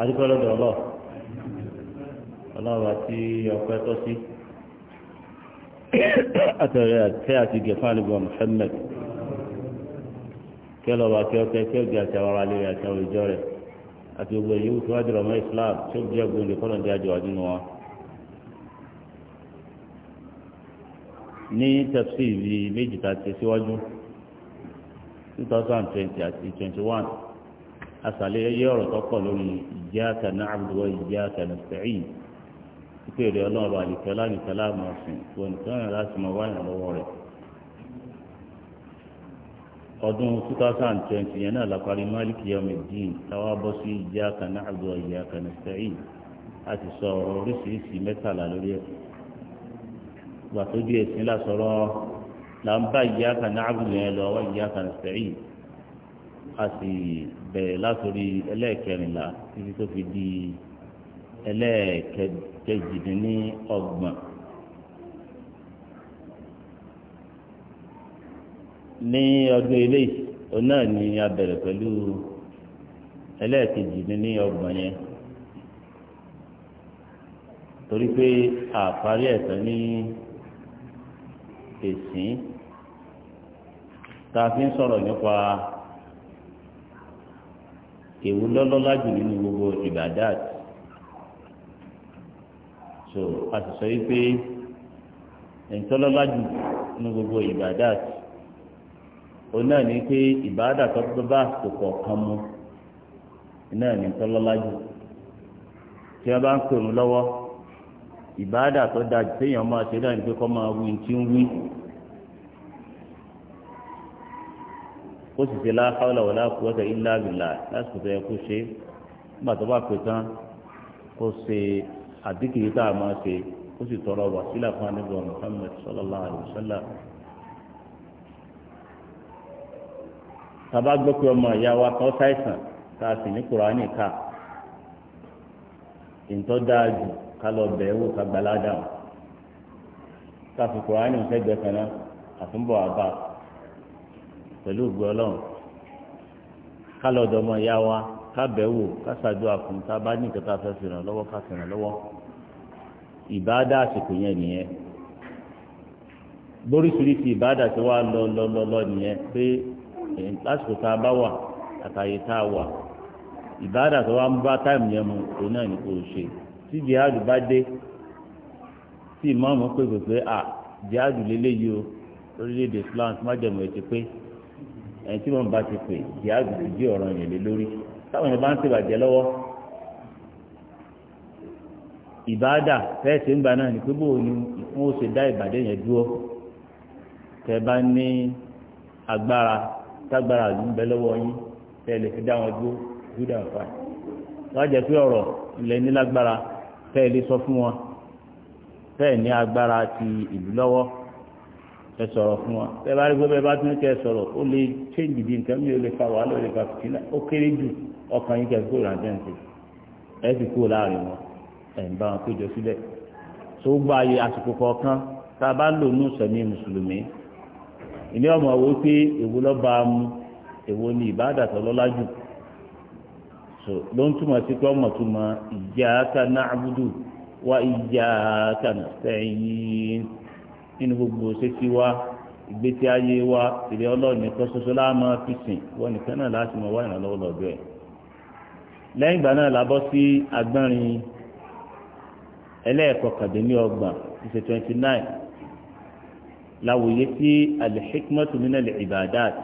adúgbò lọ́dọ̀ ọlọ́ ọlọ́run àti ọpẹ́ tọ́ sí àtẹ̀rẹ̀ àtẹ́ àti gẹ̀fà àlùbọ̀ Muhammad kí ọlọ́run àti ọpẹ́ kí ọgbẹ́ àti àwọn alẹ́ rẹ̀ àti àwọn ìjọ rẹ̀ àti gbogbo èyí tó wájú ọmọ Islam tó jẹ́ gbogbo olùkọ́ náà jáde wájú nu wọn. ní tafsiri méjì tá síwájú two thousand twenty àti twenty one asàlẹ̀ ẹyẹ ọ̀rọ̀ tó pọ̀ lórí iyyaka na'budu wa iyyaka nasta'in pípé rẹ̀ ọlọ́run àlìkẹ́ lánìkẹ́ láàmú ọ̀sìn wọn nìkan rẹ̀ láti mọ wáyà lọ́wọ́ rẹ̀ ọdún 2020 yẹn náà lápárí máàlìkì yawmi ddin táwa bọ́ sí iyyaka na'budu wa iyyaka nasta'in a ti sọ ọ̀rọ̀ oríṣiríṣi mẹ́tàlá lórí ẹ̀ gbà tó di ẹ̀sìn lásọ̀rọ̀ là ń bá iyyaka na'budu yẹn lọ bẹ̀rẹ̀ látòrí ẹlẹ́ẹ̀kẹrìnlá títí tó fi di ẹlẹ́ẹ̀kẹjìdínlọ́gbọ̀n. ní ọdún eléyìí òun náà ni a bẹ̀rẹ̀ pẹ̀lú ẹlẹ́ẹ̀kẹjìdínlọ́gbọ̀n yẹn torí pé àparí ẹ̀sán ní èsì tá a fi ń sọ̀rọ̀ nípa èwo lọ́lọ́lá jù nínú gbogbo ìbàdàt so a sì sọ wípé ẹ̀ńtọ́lọ́lá jù nínú gbogbo ìbàdàt òun náà ní pé ìbàdà tó tó bá àsìkò kọ̀ọ̀kan mu náà ní tọ́lọ́lá jù tí wọ́n bá ń pè wọ́n lọ́wọ́ ìbàdà tó dájú téèyàn máa ṣe náà ní pé kọ́ máa wí tí ń wí. ó sì ṣe la hawla wala quwwata illa billah lásìkò tó yẹ kó ṣe nígbà tó bá pè tán kó ṣe àdìkìrì tá a máa ṣe ó sì tọrọ wàsílà fún anábọ̀ Muhammad sallallahu alayhi wa sallam. tàbá gbọ́ pé ọmọ ìyá wa kan ṣàìsàn tá a sì ní kùránì ká ìtọ́ dáa jù ká lọ bẹ̀ẹ́ wò ká gbalá dáhùn ká fi kùránì fẹ́ gbẹ̀kan náà àtúnbọ̀ àbá pẹ̀lú ògbé ọlọ́run kálọ̀dọ̀ ọmọ ìyá wa kábẹ́wò kásàdúrà fún tá a bá ní ìkẹta fẹ́ fi ràn lọ́wọ́ ká fi ràn lọ́wọ́ ìbáadá àsìkò yẹn nìyẹn bóríṣiríṣi ìbáadà tí wàá lọ lọ lọ lọ nìyẹn pé lásìkò tá a bá wà àtàyè tá a wà ìbáadà tó wàá ń bá táìmù yẹn mu òun náà ní kò ṣe tí jihadu bá dé tí ìmọ̀ọ́mù pé pé à jihadu lélẹ́yìí o lórílẹ̀‐èdè Islam má ẹ̀ ti pé ẹni tí wọn bá ti pè kí àgùntàn jí ọ̀rọ̀ yẹn lé lórí táwọn yẹn bá ń tèbàjẹ́ lọ́wọ́ ìbáàdà fẹ́ẹ̀sì ń gba náà ní pé bóun ni wọn ó ṣe dá ìbàdé yẹn dúró tẹ bá ní agbára tágbára ló ń bẹ lọ́wọ́ yín tẹ lè fi dá wọn dúró júdà fà wọ́n jẹ́ pé ọ̀rọ̀ ilẹ̀ nílágbára tẹ lè sọ fún wọn tẹ ní agbára ti ìlú lọ́wọ́ ẹ sọ̀rọ̀ fún wa ẹ bá rí gbogbo ẹ bá tún kẹ sọ̀rọ̀ ó lè change bí nǹkan mi ò lè fa wàhálà ò lè fa fìtìlà ó kéré jù ọkàn yín kẹfì kúrò láti ẹnìtì ẹ sì kúrò láàrin wọn ẹ ń bá wọn péjọ sílẹ̀ tó gba ayé àsìkò kọ̀ọ̀kan tá a bá lò ní sẹmí mùsùlùmí ilé ọmọ wo pé èwo lọ bá a mu èwo ni ìbáàdà tó lọ́lá jù so ló ń túmọ̀ sí pé ọmọ túmọ̀ iyyaka na'budu wa nínú gbogbo ṣẹ́tí wa ìgbésí ayé wa ìrẹ́ ọlọ́run nìkan ṣoṣo láàmú fi sìn wọ́n nìkan náà láti mọ̀ wá ìrànlọ́wọ́ lọ́dọ̀ ẹ̀. lẹ́yìn ìgbà náà la bọ́ sí agbọ́nrin ẹlẹ́ẹ̀kọkàndínlọ́gbọ̀n ṣe twenty nine láwòye sí alihikmatu nínú al-ibadat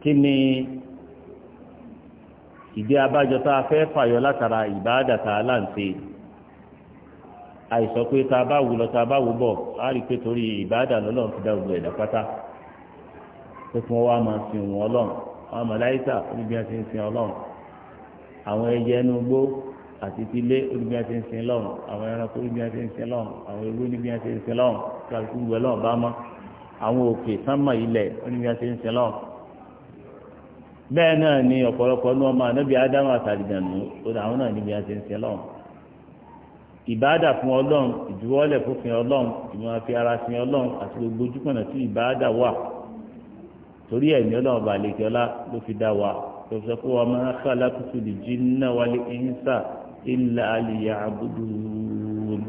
kí ni ìdí abájọ tá a fẹ́ fàyọ látara ìbáàdà tá a láǹtẹ̀ àìsọ pé tá a bá wù lọ tá a bá wù bọ̀ á rí i pé torí ìbáàdà lọ́lọ́run fi dá gbogbo ẹ̀dá pátá pé kí wọ́n wá máa sin òun ọlọ́run àwọn màláíkà olùbíyà ti ń sin ọlọ́run àwọn ẹyẹ inú gbó àti ti lé olùbíyà ti ń sin lọ́run àwọn ẹranko olùbíyà ti ń sin lọ́run àwọn ewé olùbíyà ti ń sin lọ́run kí a kú gbẹ lọ́run bá mọ́ àwọn òkè sánmà ilẹ̀ olùbíyà ti ń sin lọ́run bẹ́ẹ̀ náà ni ọ̀pọ̀lọpọ̀ ní ọmọ ànábì ádámù àtàlìjànú àwọn náà níbi àti ń sin ìbáàdà fún ọlọ́run ìdúwọ́lẹ̀ fófin ọlọ́run ìmọ̀ràn fi ara sin ọlọ́run àti gbogbo ojúkànnà tí ìbáàdà wà torí ẹ̀mí ọlọ́run bá lè jọlá ló fi dá wa tó sọ pé wọn máa ká alákùsù lè jí nínà wálé ẹ̀yìnsà ilà àlìyà àbúdùn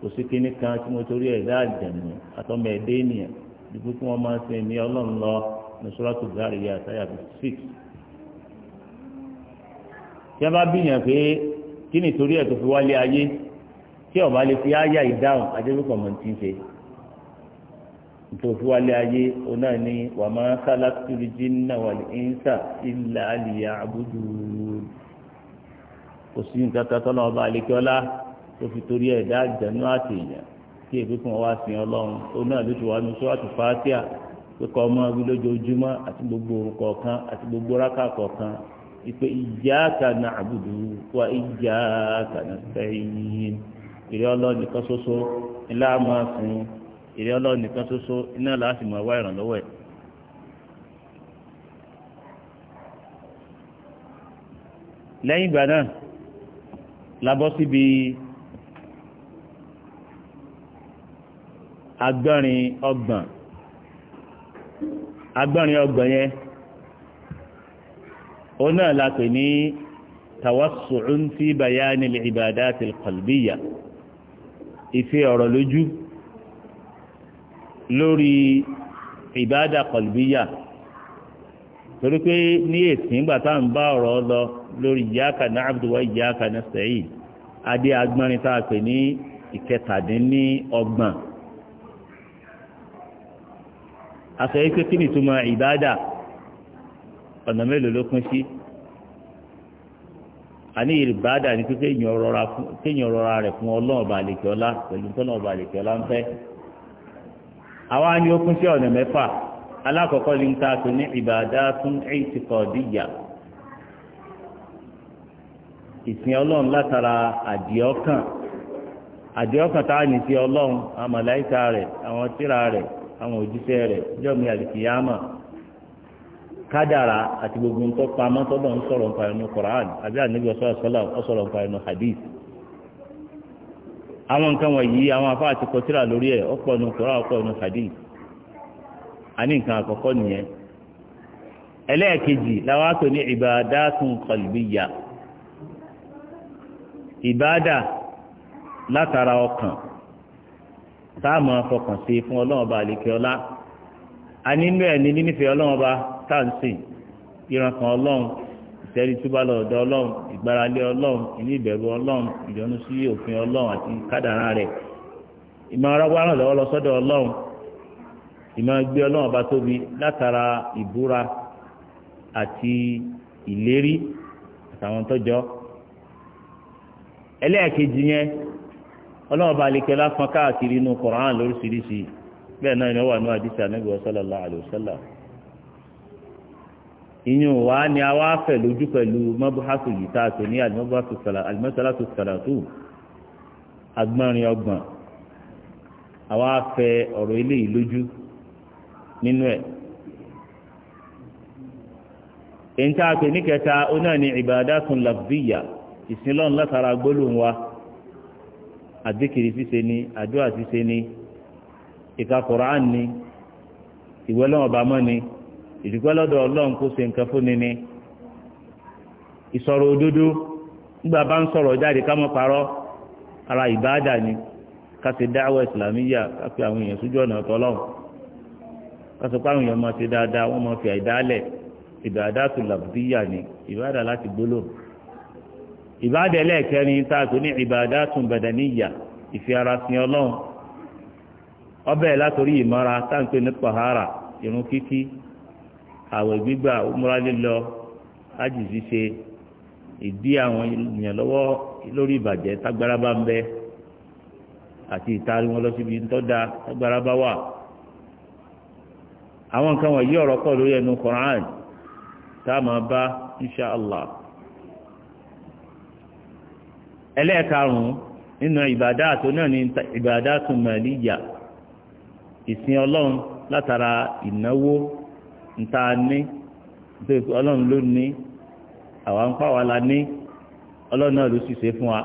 kò sí kíní kan tí mo torí ẹ̀ dá àjẹmọ́ àtọ́mọ ẹ̀dẹ́ ènìyàn dùkú kí wọ́n máa sin ẹ̀mí ọlọ́run lọ nùsọ́látò gáàríyà àtàyà tí wọ́n ẹ̀ tó fi wálé ayé tí ọba lè fi áyà ìdáhùn ajẹ́bíkọ̀ mọ̀ ti ṣe nítorí wálé ayé ọ̀nà ni wà máa khalaqtul jinna wal insa illa liya'budun kò sí nǹkan kan tọ́lá ọba àlekíọ́lá tó fi torí ẹ̀dá àjẹnú àti èèyàn tí èbí fún wa sìn ọlọ́run ọ̀nà ló ti wà ní sọ́ọ̀tù pẹ̀kọ́ ọmọ wí lójoojúmọ́ gbogbo àti gbogbo rákà kọ̀ọ̀kan ìpè ìrẹ́ ọlọ́run nìkan ṣoṣo ńlá máa fún ìrẹ́ ọlọ́run nìkan ṣoṣo iná láti máa wá ìrànlọ́wọ́ ẹ̀. lẹ́yìn ìgbà náà la bọ́ síbi agbọ́nrin ọgbọ̀n agbọ́nrin ọgbọ̀n yẹn ó náà la pè ní tawassu'un fi bayani al-ibadati al-qalbiyya. ìfẹ́ ọ̀rọ̀ lójú lórí ìbáàdà kọ̀lùbíyà torí pé ní èsìn ìgbà tá ń bá ọ̀rọ̀ lọ lórí iyyaka na'budu wa iyyaka nasta'in adé agbọ́nrin tá pè ní ìkẹtàdínníọgbọ̀n àṣẹ yìí pé ni ọ̀nà mélòó ló àní ìrìbáàdà ni kéèyàn rọra rẹ̀ fún ọlọ́ọ̀bà àlèkè ọlá pẹ̀lú ọba àlèkè ọlá ń fẹ́ àwa ni ó kún sí ọ̀nà mẹ́fà alákọ̀ọ́kọ́ ní ta tó ní ìbàdá tún ìtìkọ̀díyà ìsìn ọlọ́run látara àdìọ́kàn àdìọ́kàn tá a ní sí ọlọ́run àwọn màláíkà rẹ̀ àwọn rẹ̀ kádàrà àti gbogbo nǹkan pamọ́ tọ́lọ̀ ń sọ̀rọ̀ ẹnu Qur'an àbí ànábì ọ̀sọ́ ọ̀sọ́lá ọ̀sọ̀rọ̀ nípa ẹnu hadith. àwọn nǹkan wọ̀nyí àwọn afá àti kọtíra lórí ẹ̀ ọ̀pọ̀ ẹnu ọ̀pọ̀ ẹnu hadith. a ní nǹkan àkọ́kọ́ nìyẹn. ẹlẹ́ẹ̀kejì làwọn àtò ní látara ọkàn táàmù fún a nínú ẹ̀ ní nífẹ̀ẹ́ tá iran kan ọlọ́run ìtẹ́rí túbá ọlọ́run ìgbáralé ọlọ́run ìní ìbẹ̀rù ọlọ́run ìyọnu sí òfin ọlọ́run àti kádàrá rẹ̀ ìmọ̀ ara lọ́wọ́ lọ sọ́dọ̀ ọlọ́run ìmọ̀ gbé ọlọ́run ọba tóbi látara ìbúra àti ìlérí àtàwọn tọ́jọ́ ẹlẹ́ẹ̀kejì yẹn ọlọ́run ọba àlekẹ́ láfọn káàkiri inú lóríṣiríṣi bẹ́ẹ̀ náà ni wà ìyẹn ni ní àwa fẹ̀ lójú pẹ̀lú mọ́búhásù yìí tá a pè ní alimọ́sálásù sàlàtù agbọ́nrin ọgbọ̀n àwa fẹ̀ ọ̀rọ̀ eléyìí lójú nínú ẹ̀. èyí tá a pè ní kẹta ó náà ní ìbàdàtún làbíyà ìsinlọ́run látara gbólóhùn wa àdékiri ṣíṣe ni àdúrà ṣíṣe ni ìka Kùránì ìwẹ́lọ́wọ̀n ọba mọ́ ni ìdúpẹ́ lọ́dọ̀ ọlọ́run kó ṣe nǹkan fún ni ni ìsọ̀rọ̀ òdodo nígbà bá ń sọ̀rọ̀ jáde ká mọ́ parọ́ ara ìbáàdà ni ká ṣe dáwọ́ ìsìlámíyà ká fi àwọn èèyàn sójú ọ̀nà ọ̀tọ̀ ọlọ́run ká sọ pé àwọn èèyàn máa ṣe dáadáa wọ́n máa fi àìdálẹ̀ ìbáàdà tó làbùdíyà ni ìbáàdà láti gbólò ìbáàdà ẹlẹ́ẹ̀kẹrin tá a tó ní ìbáàdà tó bàdàníyà ìfi ara sin ọlọ́run ọbẹ̀ látòrí ìmọ̀ra táǹpé ní pàhárà irun kíkí àwẹ̀ gbígbà umra lílọ hajj ṣíṣe ìdí àwọn èèyàn lọ́wọ́ lórí ìbàjẹ́ tágbára bá ń bẹ àti ìtaari wọn lọ síbi ńtọ́da tágbára bá wà àwọn nǹkan wọ̀nyí ọ̀rọ̀ pọ̀ lórí ẹnu Qur'an tá a máa bá insha Allah ẹlẹ́ẹ̀karùn-ún nínú náà ìsìn ọlọ́run níta ní nítorí ọlọ́run ló ní àwa ń pa wa la ní ọlọ́run náà ló sì ṣe fún wa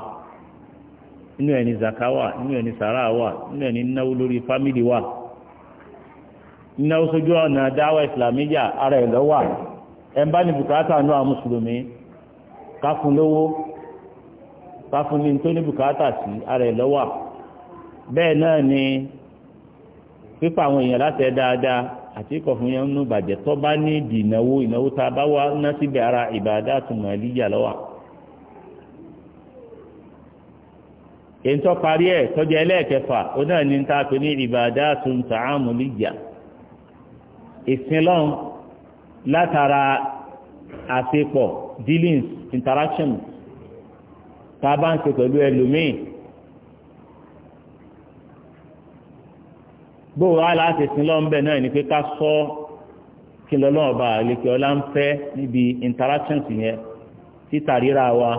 nínú ẹni zaka wà nínú ẹni sàrà wà nínú ẹni náwó lórí fámìlì wà náwó sójú ọ̀nà dáwà ìsìlámíyà ara ẹ̀ lọ́wà ẹ̀ ń bá ní bùkátà náà mùsùlùmí ká fún lówó ká fún ní tó ní bùkátà sí ara ẹ̀ lọ́wà bẹ́ẹ̀ náà ni pípa àwọn èèyàn láti ẹ̀ dáadáa àti ikọ̀ fún yẹn ń nú bàjẹ́ tó bá ní ìdì ìnáwó ìnáwó tá a bá wá ná síbẹ̀ ara ìbàdá àtùmọ̀ àlíyà lọ́wọ́ èyí tó parí ẹ̀ tọ́jú ẹlẹ́ẹ̀kẹfà ó náà ní ta pé ní ìbàdá àtùntà àmúlíyà ìsinlọ́n látara àṣepọ̀ dealings interactions tá a bá ń ṣe pẹ̀lú ẹlòmíì bó wa láti sin lọ́nbẹ̀ náà ni pé ká sọ kí lọ́lọ́run bá àlékè ọlá ń fẹ́ níbi interactions yẹn títà ríra wa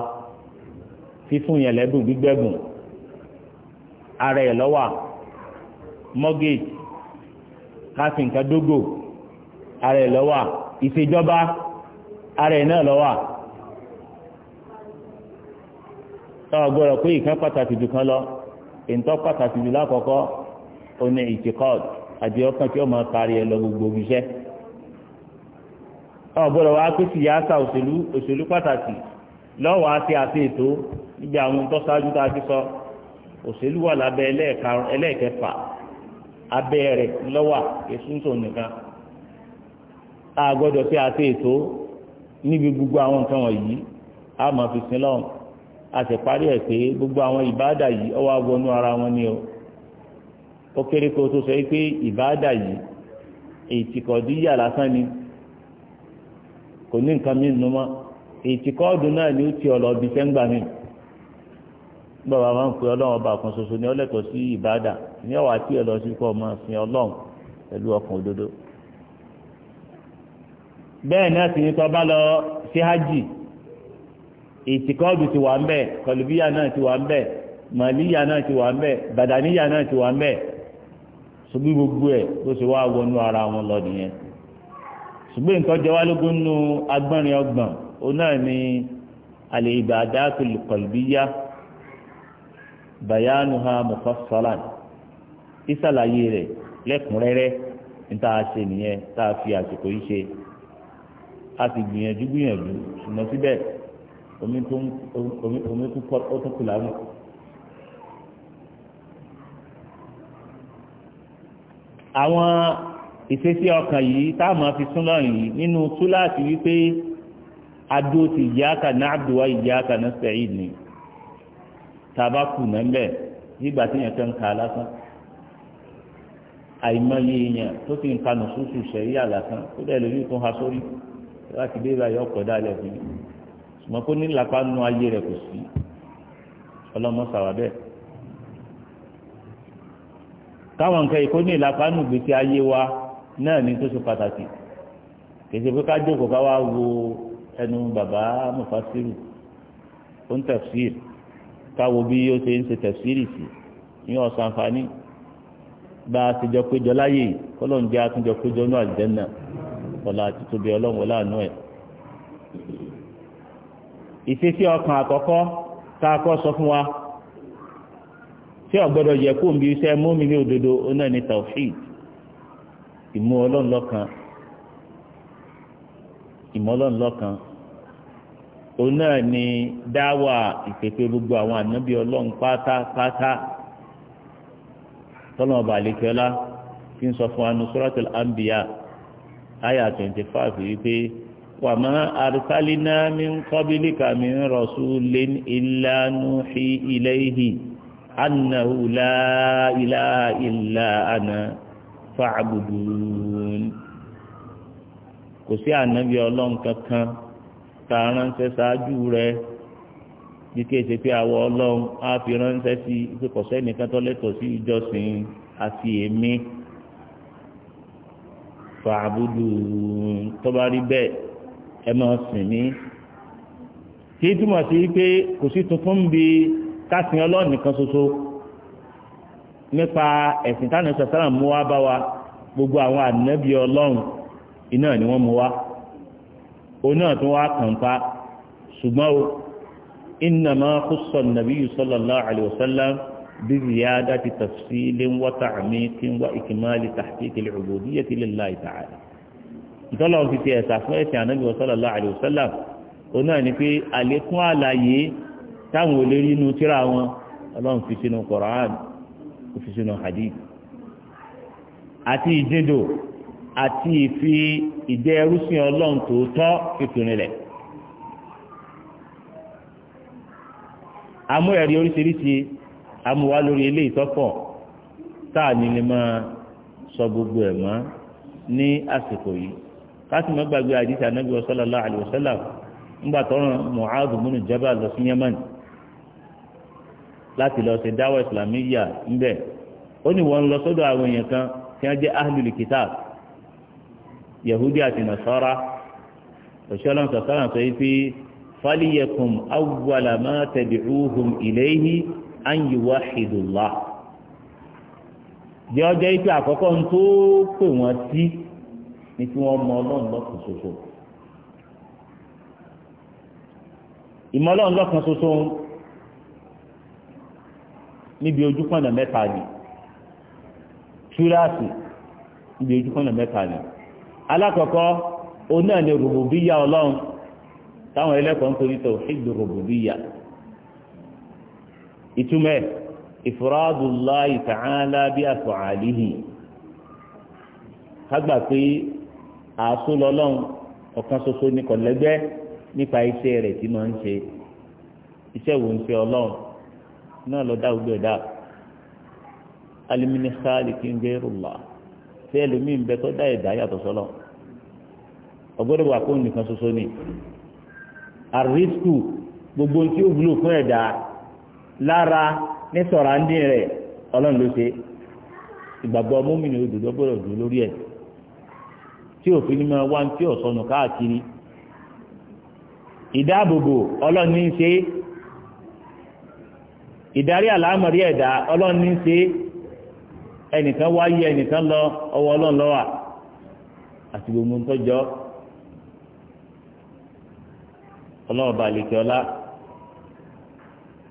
fífún yẹn lẹ́bùn gbígbẹ́bùn ara ẹ̀ lọ́wà mortgage káfí nǹkan dógò ara ẹ̀ lọ́wà ìṣèjọba ara ẹ̀ náà lọ́wà ọgbọ́dọ̀ pé ìkan pàtàkì jù kan lọ èntọ́ pàtàkì jù lákọ̀ọ́kọ́. ó ní ìtìkọ́ọ̀dù àti ọkàn tí ó máa kárí ẹ lọ gbogbo iṣẹ́ ọ̀gbọ́dọ̀ wa pé síyáṣà òṣèlú òṣèlú pàtàkì lọ́wọ́ àti àti ètò níbi àwọn tó ṣáájú tá a ti sọ òṣèlú wà lábẹ́ ẹlẹ́ẹ̀kẹfà abẹ́ rẹ̀ lọ́wọ́ èsúnṣò nìkan a gbọ́dọ̀ sí àti ètò níbi gbogbo àwọn nǹkan wọ̀nyí a máa fi sin lọ́hùn a sì parí ẹ̀ pé gbogbo àwọn ìbáàdà yìí ọwọ́ agbọnú ara wọn ni o ó kéré kó tó sọ pé ìbáàdà yìí ètìkọ̀díyà lásán ni kò ní nǹkan mí nu mọ́ ètìkọ́ọ̀dù náà ni ó ti ọ̀lọ́ ibi sẹ́ńgbà mi bàbá máa ń pe ọlọ́run ọba kan ṣoṣo ní ọlẹ́tọ̀ sí ìbáàdà ní ọ̀wà tí ọlọ́ sí kọ́ ọmọ sin ọlọ́run pẹ̀lú ọkàn òdodo bẹ́ẹ̀ náà sì ní tó bá lọ sí hajj ìtìkọ́ọ̀dù ti wà ń bẹ kọlùbíyà náà ti wà ń bẹ màlíyà náà ti wà ń bẹ bàdàníyà náà ti wà ń bẹ ṣùgbọ́n gbogbo ẹ̀ bó ṣe wá wọnú ara wọn lọ nìyẹn ṣùgbọ́n nǹkan jẹ́ wá lógún nínú agbọ́nrin ọgbọ̀n òun náà ni àlè ibadatul qalbiya bayanuha mufassalan ìsàlàyé rẹ̀ lẹ́kùnrẹ́rẹ́ níta ṣe nìyẹn tá a fi àsìkò yìí ṣe a sì gbìyànjú gbìyànjú ṣùgbọ́n síbẹ̀ omi tó ń omi tó ó tún kù láwùjọ. àwọn ìfésí ọkàn yìí táàmù fi súnlọ yìí nínú túláàsì wípé adó ti iyyaka na'budu wa iyyaka nasta'in ni tàbá kù nẹ́ńbẹ̀ nígbà tí yẹn fẹ́ ń ka lásán àìmọye èèyàn tó fi ń ka nùsùsù sẹ̀ríyà lásán ó dẹ̀ lórí tó ha sórí láti dé ìlà yọkọ̀ dálẹ̀ fún mi ṣùgbọ́n kó nílàpá nu ayé rẹ̀ kò sí ọlọ́mọ sàwà káwọn nǹkan ìkó ní ìlàpánù gbèsè ayé wa náà ní tó ṣe pàtàkì kèsì pé ká jókòó ká wá wo ẹnu bàbá mufasiru ó ń tafsir káwo bí ó ṣe ń ṣe tafsiri sí ní ọ̀sán àǹfààní bá a ti jọ péjọ láyè kọ́lọ́n jẹ́ àtúnjọ péjọ ní àlùjánnà kọ́lá àti tóbi ọlọ́run wọlé àánú ẹ̀. ìṣesí ọkàn àkọ́kọ́ tá a kọ́ sọ fún wa tí ó gbọ́dọ̀ yẹ kó nbí iṣẹ́ mùmínì òdodo ọ̀nà ní tawhid ìmú ọlọ́run lọ́kan ìmọ̀ ọlọ́run lọ́kan òun náà ni dáwà ìpèpè gbogbo àwọn ànábì ọlọ́run pátápátá tọ́lọ́ ọba àlekẹ́lá fi ń sọ fún anu suratul anbiya aya twenty five wípé wa ma arsalna min qablika min rasulin illa nuhi ilayhi annahu la ilaha illa ana fa'budun kò sí ànábì ọlọ́run kankan tá a ránṣẹ́ ṣáájú rẹ̀ bí kéèṣe pé àwọ ọlọ́run á fi ránṣẹ́ sí pé kò tó lẹ́tọ̀ọ́ sí ìjọsìn àti èmi fa'budun tó bá rí bẹ́ẹ̀ ẹ máa sìn mí kí túmọ̀ sí pé kò sí tuntun bíi kásìn ọlọ́run nìkan ṣoṣo nípa ẹ̀sìn táwọn ẹ̀sìn sọ́sọ́ràn mú wá bá wa gbogbo àwọn ànábì ọlọ́run iná ni wọ́n mú wá òun náà tún wá kànpa ṣùgbọ́n o innama khussa an-nabiyyu sallallahu alayhi wa sallam bi ziyadati tafsilin wa ta'miqin wa ikmali tahqiq al-'ubudiyyati lillahi ta'ala ìtọ́lọ́run fi ti ẹ̀sà fún ẹ̀sìn ànábì sallallahu alayhi wa sallam òun táwọn ò lè rí inú tíra wọn ọlọ́run fi sínú Qur'an kò fi sínú hadith àti ìdíndò àti ìfi ìjẹ́ ẹrúsìn ọlọ́run tòótọ́ fìfìrin rẹ̀ amú ẹ̀rí oríṣiríṣi amú wa lórí ilé ìtọ́pọ̀ táà ní lè máa sọ gbogbo ẹ̀ mọ́ ní àsìkò yìí kásìmọ gbàgbé àdìsí anábì sallallahu alaihi ńgbà tọrọ Mu'adh bin Jabal lọ sí Yemen láti lọ ṣe dáwọ́ ìsìlámíyà ńbẹ̀ ó ní wọ́n lọ sọ́dọ̀ àwọn èèyàn kan tí wọ́n jẹ́ ahlul kitab yahudi àti nasara òṣèlọ́n sọ̀sọ́nà sọ yìí pé faliyakum awwala ma tad'uuhum ilayhi an yuwahhidullah jẹ́ ọjọ́ yìí àkọ́kọ́ ń tó pè wọ́n sí kí wọ́n mọ ọlọ́run lọ́kàn ṣoṣo níbi ojúkọ̀nà mẹ́ta ni túláàsì níbi ojúkọ̀nà mẹ́ta ni alákọ̀ọ́kọ́ òun náà ni rùbùbíyà ọlọ́run táwọn ẹlẹ́kọ̀ọ́ ń torí tawhid rùbùbíyà ìtumẹ̀ ifradullahi ta'ala bí af'alihi kágbà pé àásù lọ́lọ́run ọ̀kan ṣoṣo ní kọ̀lẹ́gbẹ́ nípa iṣẹ́ rẹ̀ tí máa ń ṣe iṣẹ́ wo ń ṣe ọlọ́run náà lọ́dá gbogbo ẹ̀dá alimini khaliqin ghayrullah tí ẹlòmíì ń bẹ tó dá ẹ̀dá yàtọ̀ ọgbọ́dọ̀ wà nìkan ni gbogbo tí ó wúlò fún ẹ̀dá lára ní sọ̀ràǹdì rẹ̀ ọlọ́run ló ṣe ìgbàgbọ́ mọ́mìnì òdòdó gbọ́dọ̀ dùn lórí ẹ̀ tí òfin máa wá tí ọ̀sọ́nù káàkiri ìdáàbòbò ọlọ́run ní í ìdarí àlámọ̀rí ẹ̀dá ọlọ́run ní ṣe ẹnìkan wáyé ẹnìkan lọ ọwọ́ ọlọ́run ló wà àti gbogbo ńtọ́jọ́ ọlọ́run bá lè kí ọlá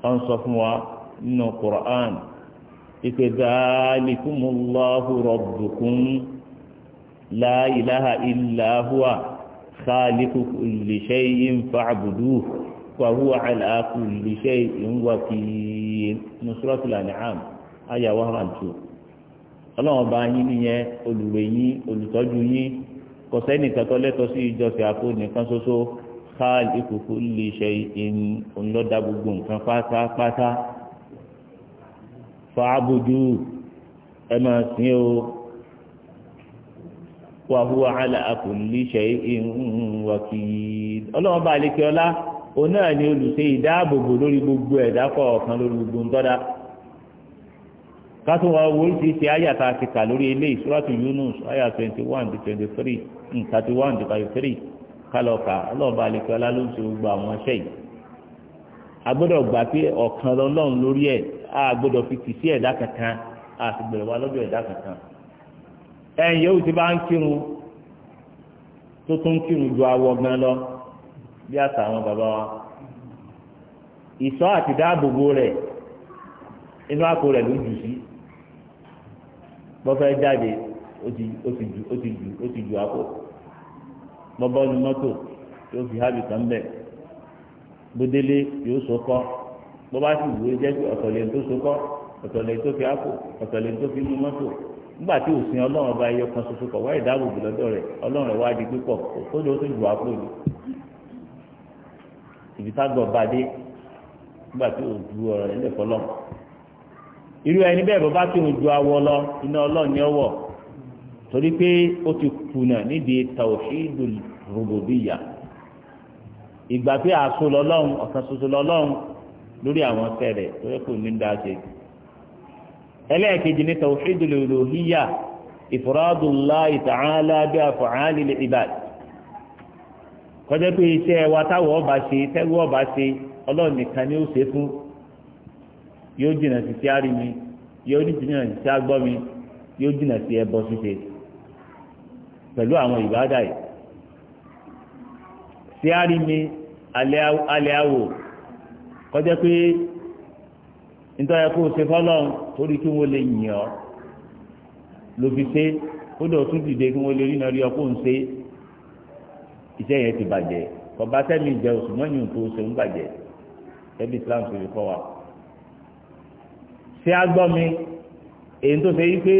wọ́n sọ fún wa nínú Qur'an ìpè dhalikumullahu rabbukum la ilaha illa huwa khaliqu kulli shay'in fa'buduhu. فهو على كل شيء وكيل نصرة الأنعام آية وهران تو ọlọ́run bá yín nìyẹn olùwé yín olùtọ́jú yín kò sẹ́nìkan tó lẹ́tọ̀ọ́ sí ìjọsìn àpò nìkan ṣoṣo káàl ìkòkò lè ṣe gbogbo nǹkan pátápátá fàábùdù ẹ máa sìn ó wàhùwà àlà àkùnlé ṣe ìhìn ọlọ́run bá lè kí ọlá. òun náà ni olùṣe ìdáàbòbò lórí gbogbo ẹ̀dá kọ̀ọ̀kan lórí gbogbo ńtọ́dá kátó wọn wo ti ti àyà tá a ti kà lórí Yunus àyà twenty one to twenty three mm, thirty one to thirty three kálọ̀ọ̀kà ọlọ́ọ̀bá àlekẹ́ ọlá ló gbogbo àwọn ṣẹ́ yìí a gbọ́dọ̀ gbà pé ọ̀kan a gbọ́dọ̀ fi tì sí ẹ̀dá kankan a sì wá lọ́dọ̀ ẹ̀dá kankan ti bá ń kírun tó kírun ju awọ gan bí àtàwọn bàbá wa ịsọ àti dáàbòbò rẹ. inú àpò rẹ ló jù sí bọ́fẹ́ jáde ó ti ju ó ti ju ó ti ju àpò mọ́tò yóò fi hábì kan bẹ̀ gbódélé yóò so bọ́bá sì wú jẹ́ ọ̀tọ̀lẹ̀ tó ọ̀tọ̀lẹ̀ tó fi àpò ọ̀tọ̀lẹ̀ tó fi mú mọ́tò nígbà tí òsín ọlọ́run kan ṣoṣo kọ̀ wáyé dáàbòbò lọ́dọ̀ rẹ̀ ọlọ́run rẹ̀ wá di pípọ̀ kó tó àpò yìí. ibi tá gbọ́ bàdé nígbà tí o ju ọ̀rọ̀ rẹ̀ lẹ́fọ́ lọ. irú ẹni bẹ́ẹ̀ bọ́bá tí o ju awọ lọ iná ọlọ́ọ̀ni ọwọ́ torí pé ó ti kùnà nídìí tawhidul rububiyyah ìgbà pé àṣọ lọ́lọ́run ọ̀kan ṣoṣo lọ́lọ́run lórí àwọn tẹ̀rẹ̀ tó yẹ kó ní dáa ẹlẹ́ẹ̀kejì ní tawhidul uluhiyyah ifradullahi ta'ala bi af'alil ibad kọjá pé iṣẹ́ wa táwọn ọba ṣe tẹ́wọ́ ọba ṣe ọlọ́run nìkan ni ó ṣe fún yóò jìnà sí sí àrí mi yóò jìnà sí sí àgbọ́ mi yóò jìnà sí ẹbọ ṣíṣe pẹ̀lú àwọn ìbáàdà yìí sí àrí mi alẹ́ àwò kọjá pé nítorí kó o ṣe fọlọ́run torí kí wọ́n lè yìn ọ́ ló fi ṣe kó lóò tún dìde kí wọ́n lè rí náà rí ń ṣe é. iṣẹ́ yẹn ti bàjẹ́ ọba sẹ́mi ìjẹ oṣù mọ́yìn tó ṣe ń bàjẹ́ ẹbí Islam wa. ṣé a gbọ́ mi èyí tó ṣe yí pé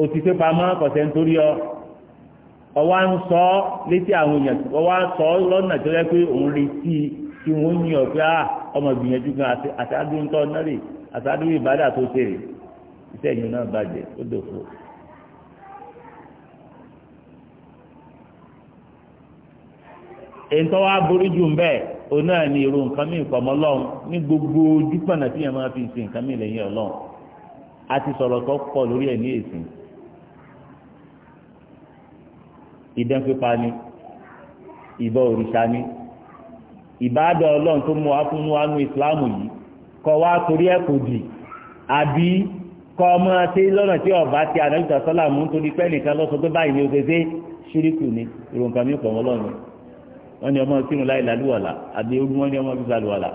o ti ṣe pamọ́ kọ̀ṣẹ́ nítorí ọ ọwọ́ ń sọ ọ́ létí àwọn èèyàn ọwọ́ sọ ọ́ lọ́nà tó yẹ pé òun retí kí wọ́n ní ọ pé ah, ọmọ gbìyànjú gan àtàdúntọ́ náà rè tó ṣe rè iṣẹ́ náà bàjẹ́ ó èyí tó wá borí jù bẹ́ẹ̀ òun ni irú nǹkan mí nǹkan ọlọ́run ní gbogbo ojúpọ̀nà tí yẹn máa fi ṣe nǹkan mí lẹ́yìn ọlọ́run a ti sọ̀rọ̀ tó pọ̀ lórí ẹ̀ ní èsì idán pípa ni ìbọ òrìṣà ni ìbádọ́ ọlọ́run tó mú wa fún wánú ìsìláàmù yìí kọ́ wa torí ẹ̀ kò dì àbí kọ́ ọmọ ṣe lọ́nà tí ọba ti àdájọ́ sọ́làmù nítorí pẹ́ẹ́nì kan lọ́sọ tó báyìí ni ó ṣe ṣe ṣíríkù ni ìròǹkà mi kọ̀ wọ́n lọ́nà wọ́n ní ọmọ kírun láì lálùwàlà àbí ogun wọ́n ní ọmọ bíbá lùwàlà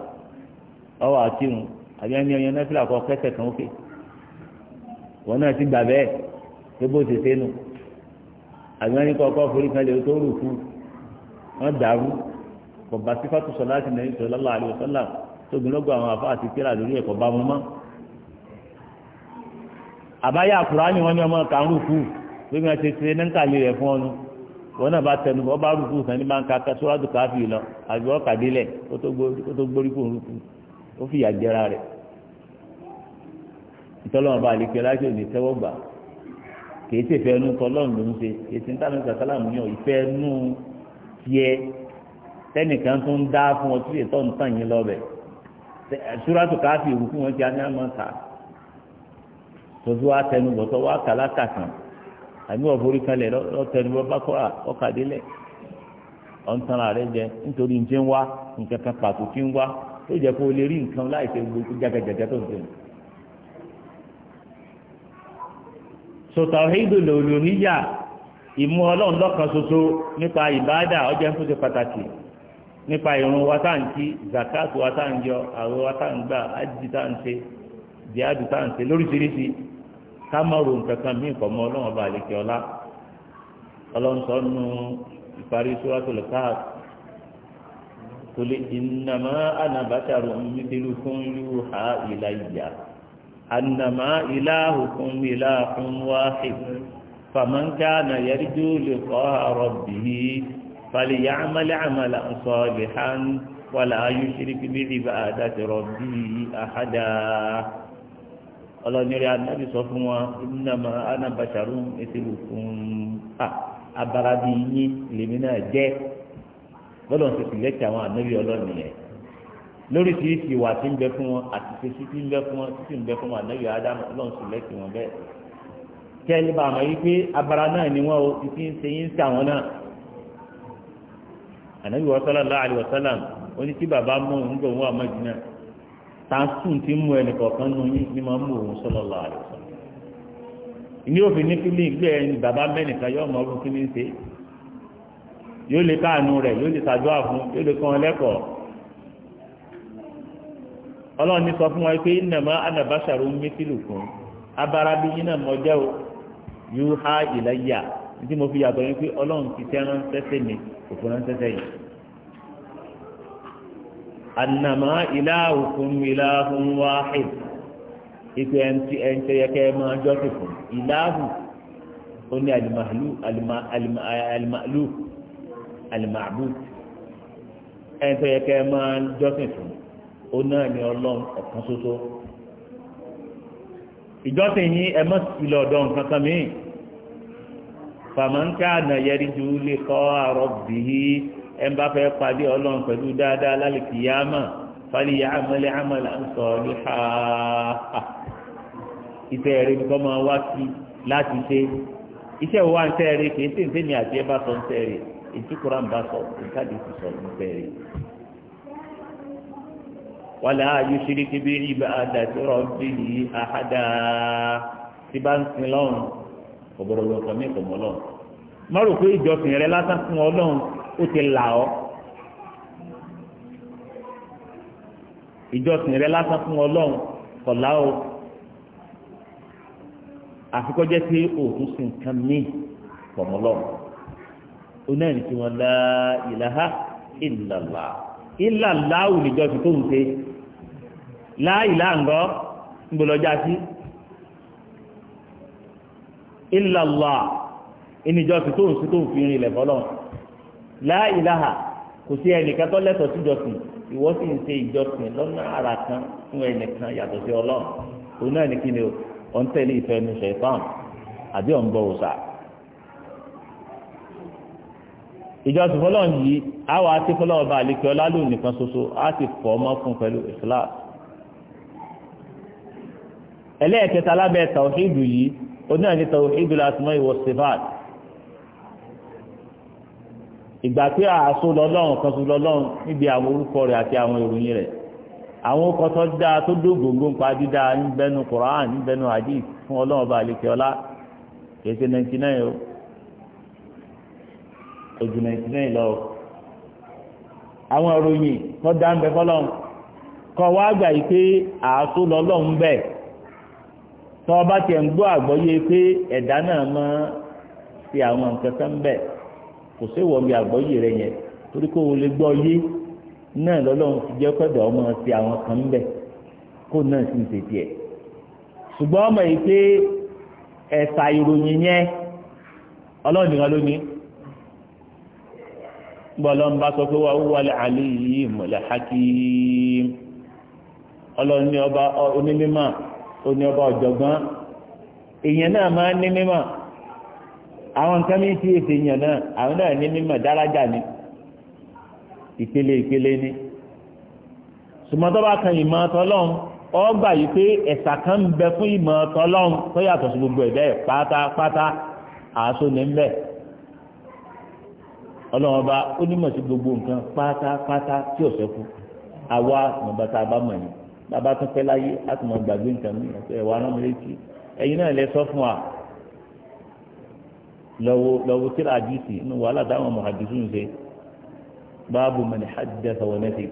ọwọ́ àkírun àbí ẹni ọyàn náà fìlà kọ kẹsẹ̀ kan ókè wọn náà ti gbà bẹ́ẹ̀ pé bó ṣe ṣe nù àbí wọ́n ní kọ́kọ́ forí kan lè tó rù kú wọ́n dàrú kò bá sí fatu sọ láti nàìjíríà sọ lọ́la àlè ọ̀sọ́là tóbi lọ́gọ̀ àwọn afá àti kíra lórí ẹ̀kọ́ bá wọn mọ́ àbáyá àkùrá ni wọ́n ní ọmọ kàrún kú pé wọ́n ti ṣe náà kàlẹ́ rẹ̀ fún ọ wọn náà bá tẹnu bọ́ bá rúkú sàn ní máa ń ka kásíwájú káfí lọ àbí ọ̀kadílẹ̀ ó tó gbórí kò rúkú ó fìyà jẹra rẹ̀ ìtọ́lọ́mọba àlekè láti òní tẹ́wọ́ gbà kìí ṣe ìfẹ́ ẹnu tọ́lọ́run ló ń ṣe kìí ṣe ń tàbí sàkálàmù yàn ìfẹ́ ẹnu tiẹ̀ tẹ́nìkan tó ń dá fún ọ tí ètò ń tàn yín lọ́bẹ̀ ṣúrátù káfí ìrùkú wọn ti á àmọ́ ta tòjú wa tẹnu bọ̀tọ̀ wa kàlákà kan àmì wọ́n forí kalẹ̀ lọ́tẹ̀lẹ́ bá jẹ nítorí njẹ́ ń wá nǹkan kan pàtó ń wá jẹ́ kó o lè rí nǹkan láì gbogbo jágajàgá tó ń tẹ̀lé. ìmú ọlọ́run nípa ìbáàdà ọjọ́ ń fúnṣe pàtàkì nípa wa tá à ń kí zakat wa tá à ń yọ ká má ro nǹkan kan mí nǹkan mọ́ ọlọ́run ọba àlekè ọlá ọlọ́run sọ nù ìparí suratul Kahf kuli innama ana basharun mithlukum yuha ilayya annama ilahukum ilahun wahid faman kana yarju liqa'a rabbih فليعمل عملا صالحا ولا يشرك بعبادة ربه أحدا ọlọ́nyẹ̀rẹ̀ anábì sọ fún wọn innama ana basharun a abarabi yín lèmi náà jẹ́ bọ́lá ń sèkìlì lẹ́tì àwọn anábì ọlọ́ọ̀nì yẹn lórí ti ti wà tí ń bẹ fún wọn àti fèsì tí ń bẹ fún wọn títí ń bẹ fún wọn anábì ádámù ọlọ́ọ̀n sèkìlì lẹ́tì wọn bẹ́ẹ̀ kẹ́lí bá àmọ́ yí pé abara náà ni wọ́n o ìfi ń se yín sí àwọn náà anábì sallallahu alaihi wasallam oní tí bàbá mú òun gbòòwò àmọ́ jù náà tàǹtùn ti mú ẹnì kọ̀ọ̀kan nù yín ni máa ń mú òun sọ́lọ́ lọ sọ. ní òfin ní kílí ìgbé ẹni bàbá mẹ́nìkan yóò mọ ọdún kíní ṣe yóò lè káànú rẹ̀ yóò lè ṣàdúrà fún yóò lè kàn lẹ́kọ̀ọ́. ọlọ́run ní sọ fún wa pé innama ana basharun mithlukum abarabi yín náà mọ jẹ́ o yuha ilayya ní tí mo fi yàtọ̀ yín pé ọlọ́run ti tẹ́ ránṣẹ́ mi òfin annama ilahukum ilahun wahid ipe ẹnti ẹnti yẹkẹ máa jọ́sì fún ilahu ó ní alimahlu alimalu alimabu ẹnti yẹkẹ máa jọ́sì fún ó náà ní ọlọ́run ọ̀kan ṣoṣo ìjọ́sìn yín ẹ mọ́ sí lọ́dọ̀ nǹkan kan mìíràn fàmáńkà náà lè kọ́ àrọ́ bìí ẹ ń bá fẹ́ pàdé ọlọ́run pẹ̀lú dáadáa lálẹ́kì yáàmà fálí yáàmọ́lẹ́ àmàlà ń sọ ní ha iṣẹ́ rẹ̀ nìkan máa wá sí láti ṣe iṣẹ́ wo wá ń tẹ́ rẹ̀ kì í sì ń tẹ́ mi àti ẹ bá sọ ń tẹ́ rẹ̀ ètí kura bá sọ ìkádìí ti sọ ń tẹ́ rẹ̀ wàlá yushriku bí ibadati rabbihi ahada tí bá ń sin lọ́run ọ̀bọ̀rọ̀ lọ́kàn mí mọ́ lọ́run má rò pé lásán fún ọlọ́run ó ti là ọ́ ìjọsìn rẹ lásán fún o àfikọ́jẹ́ pé òòtún sí nǹkan míì pọ̀mọ́lọ́ onáìní tí wọ́n la ìlàhà ìlàlá ìlàlá ò tó ń ṣe láìlá ńgọ́ ńgbọ́lọ́jà sí ìlàlá ìníjọ́sìn tó ń ṣe tó ń fi rìn láìláha kò sí ẹnìkan tó lẹ́tọ̀ọ́ sí ìjọsìn ìwọ sì ń ṣe ìjọsìn lọ́nà ara kan fún ẹnìkan yàtọ̀ sí ọlọ́run òun náà ní kí ni o ọ̀n tẹ̀lé ìfẹ́ ẹnu ṣẹ̀tàn àbí ọ̀n bọ̀ òòṣà. ìjọsìn fọlọ́run yìí á wàá sí fọlọ́run bá àlekè ọlá lóun nìkan ṣoṣo á sì fọ́ ọmọ fún pẹ̀lú islam. ẹlẹ́ẹ̀kẹta lábẹ́ tàwíìdù yìí oní àní tàwíìdù lásìmọ́ ìgbà pé àásó lọ́lọ́run kan sọ lọ́lọ́run níbi àwọn orúkọ rẹ̀ àti àwọn ìròyìn rẹ̀ àwọn orúkọ tó dáa tó ń pa dídá níbẹ̀nu Quran níbẹ̀nu hadith fún ọlọ́run ọba àlekè ọlá kìí ṣe ninety nine o ojú ninety nine lọ àwọn ìròyìn tó dá ń bẹ fọlọ́run kọ wá gbà yìí pé àásó lọ́lọ́run bẹ́ẹ̀ tọ́ ọba tiẹ̀ ń gbọ́ àgbọ́yé pé ẹ̀dá náà máa fi àwọn nǹkan kò séwọ́ bí àgbọ́yé rẹ yẹn torí kó o lè gbọ́ yé náà lọ́lọ́run ti jẹ́ pẹ̀dọ̀ ọmọ ti àwọn kan ń bẹ̀ kó náà sì ń ṣe tiẹ̀ ṣùgbọ́n ọmọ yìí pé ẹ̀ka ìròyìn yẹn ọlọ́run nìkan ló bọ́lọ́n bá sọ pé wà ó wàlẹ̀ àlẹ́ yìí mọ̀lẹ́ hakim ọlọ́run ọba onímọ̀ oní ọba èèyàn náà máa ń ní mímọ̀ àwọn nǹkan mi ti èsè yàn náà àwọn náà ní mímọ̀ dárájà ni ìpele ìpele ni sùmọ́tọ́ bá kan ìmọ̀ tọ́lọ́run ọ gbà yìí pé ẹ̀sà kan ń bẹ fún ìmọ̀ tọ́lọ́run tó yàtọ̀ sí gbogbo ẹ̀dá ẹ̀ pátápátá àásó ní ń bẹ ọlọ́run bá ó nímọ̀ sí gbogbo nǹkan pátápátá tí ò sẹ́kù àwa mọ̀gbà tá a bá mọ̀ yìí bàbá tún fẹ́ láyé á mọ̀ gbàgbé nǹkan mi ẹ̀wà rán mi létí ẹ̀yin náà lẹ sọ fún wa lọ́wọ́ lọ́wọ́ tíra àdìsí inú wàhálà táwọn mọ̀hàdìsí ń ṣe báàbù mọ̀nì hajjata wọn ẹ̀sìn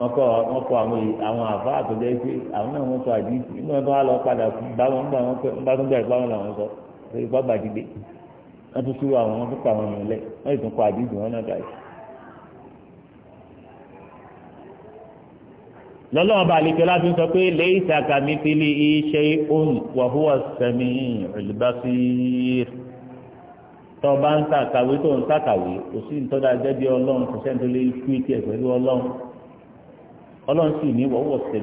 wọ́n kọ́ wọ́n kọ́ àwọn àwọn àfa àtọ́jọ́ pé àwọn náà wọ́n kọ́ àdìsí inú wọn bá lọ padà bá wọn bá wọn bá tó bẹ̀rẹ̀ bá wọn làwọn sọ lórí bá bàjẹ́ dé wọ́n tún sùúrù àwọn wọn tó kọ́ àwọn ọmọ ilẹ̀ wọ́n sì tún kọ́ àdìsí wọn náà dáyìí. lọ́lọ́wọ́n bá àlejò láti sọ pé laysa kamithlihi shay'un wa huwa as-sami'ul basir tó bá ń sàkàwé tó ń sàkàwé kò sí ìtọ́jà jẹ́bi ọlọ́run kò sẹ́ni tó lè tú etí ẹ̀ pẹ̀lú ọlọ́run ọlọ́run sì ní wa huwa as tó ń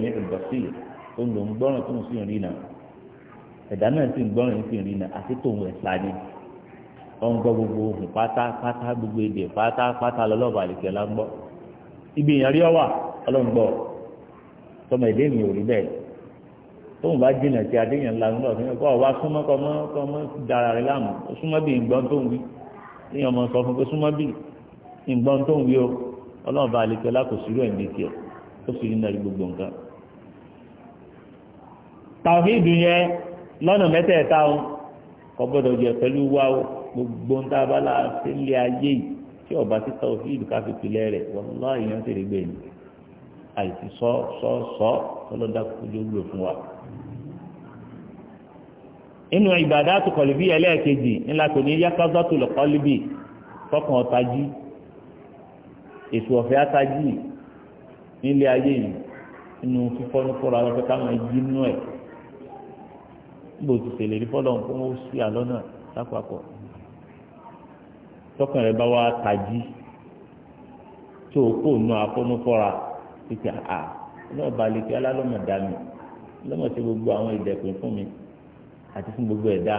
lò ń gbọ́ràn tó ń sì rí ẹ̀dá náà sì ń gbọ́ràn sì rí náà àti tòun ẹ̀ sá ni wọ́n gbọ́ gbogbo ohun pátápátá gbogbo èdè pátápátá lọ́lọ́ọ̀bà tọmọ èdè mi ò rí bẹ́ẹ̀ tóun bá jìnà sí adéyàn ńlá ńlọ fún yẹn kó ọwá súnmọ́ kọmọ kọmọ dára rẹ láàmú súnmọ́ bí ìgbọ́n tó ń wí ìyẹn ọmọ sọ fún pé súnmọ́ bí ìgbọ́n tó ń wí o ọlọ́run bá alẹ́ pẹ́lá kò sírò ẹ̀mí tiẹ̀ ó sì rí náà gbogbo nǹkan. tàwíìdù yẹn lọ́nà mẹ́tẹ̀ẹ̀ta o kò gbọ́dọ̀ jẹ pẹ̀lú wá o gbogbo ń tábàlà sílé ayé yìí tí ọba títà òfin ìdùkà fi wọ́n lọ́ àìsí sọ sọ sọ ọlọ́dà kúló wúlò fún wa. inú ìbàdà tó kọ̀lì bí ẹlẹ́ẹ̀kejì ńlá kò ní yákàtọ̀ tó lọ kọ́lì bí fọkàn ọ̀tají èso ọ̀fẹ́ àtají nílé ayé yìí inú fífọ́ ní kóra lọ́pẹ́ káwọn ẹjí nú ẹ̀ níbo ti tẹ̀lé rí fọ́lọ́ nǹkan ó sí àlọ́ náà tọkàn rẹ bá wá tají tó o kò nu àfọ́nufọ́ra. títí a, ọlọ́run bá lè kí dá mi gbogbo àwọn ìdẹ̀kùn fún mi àti gbogbo ẹ̀dá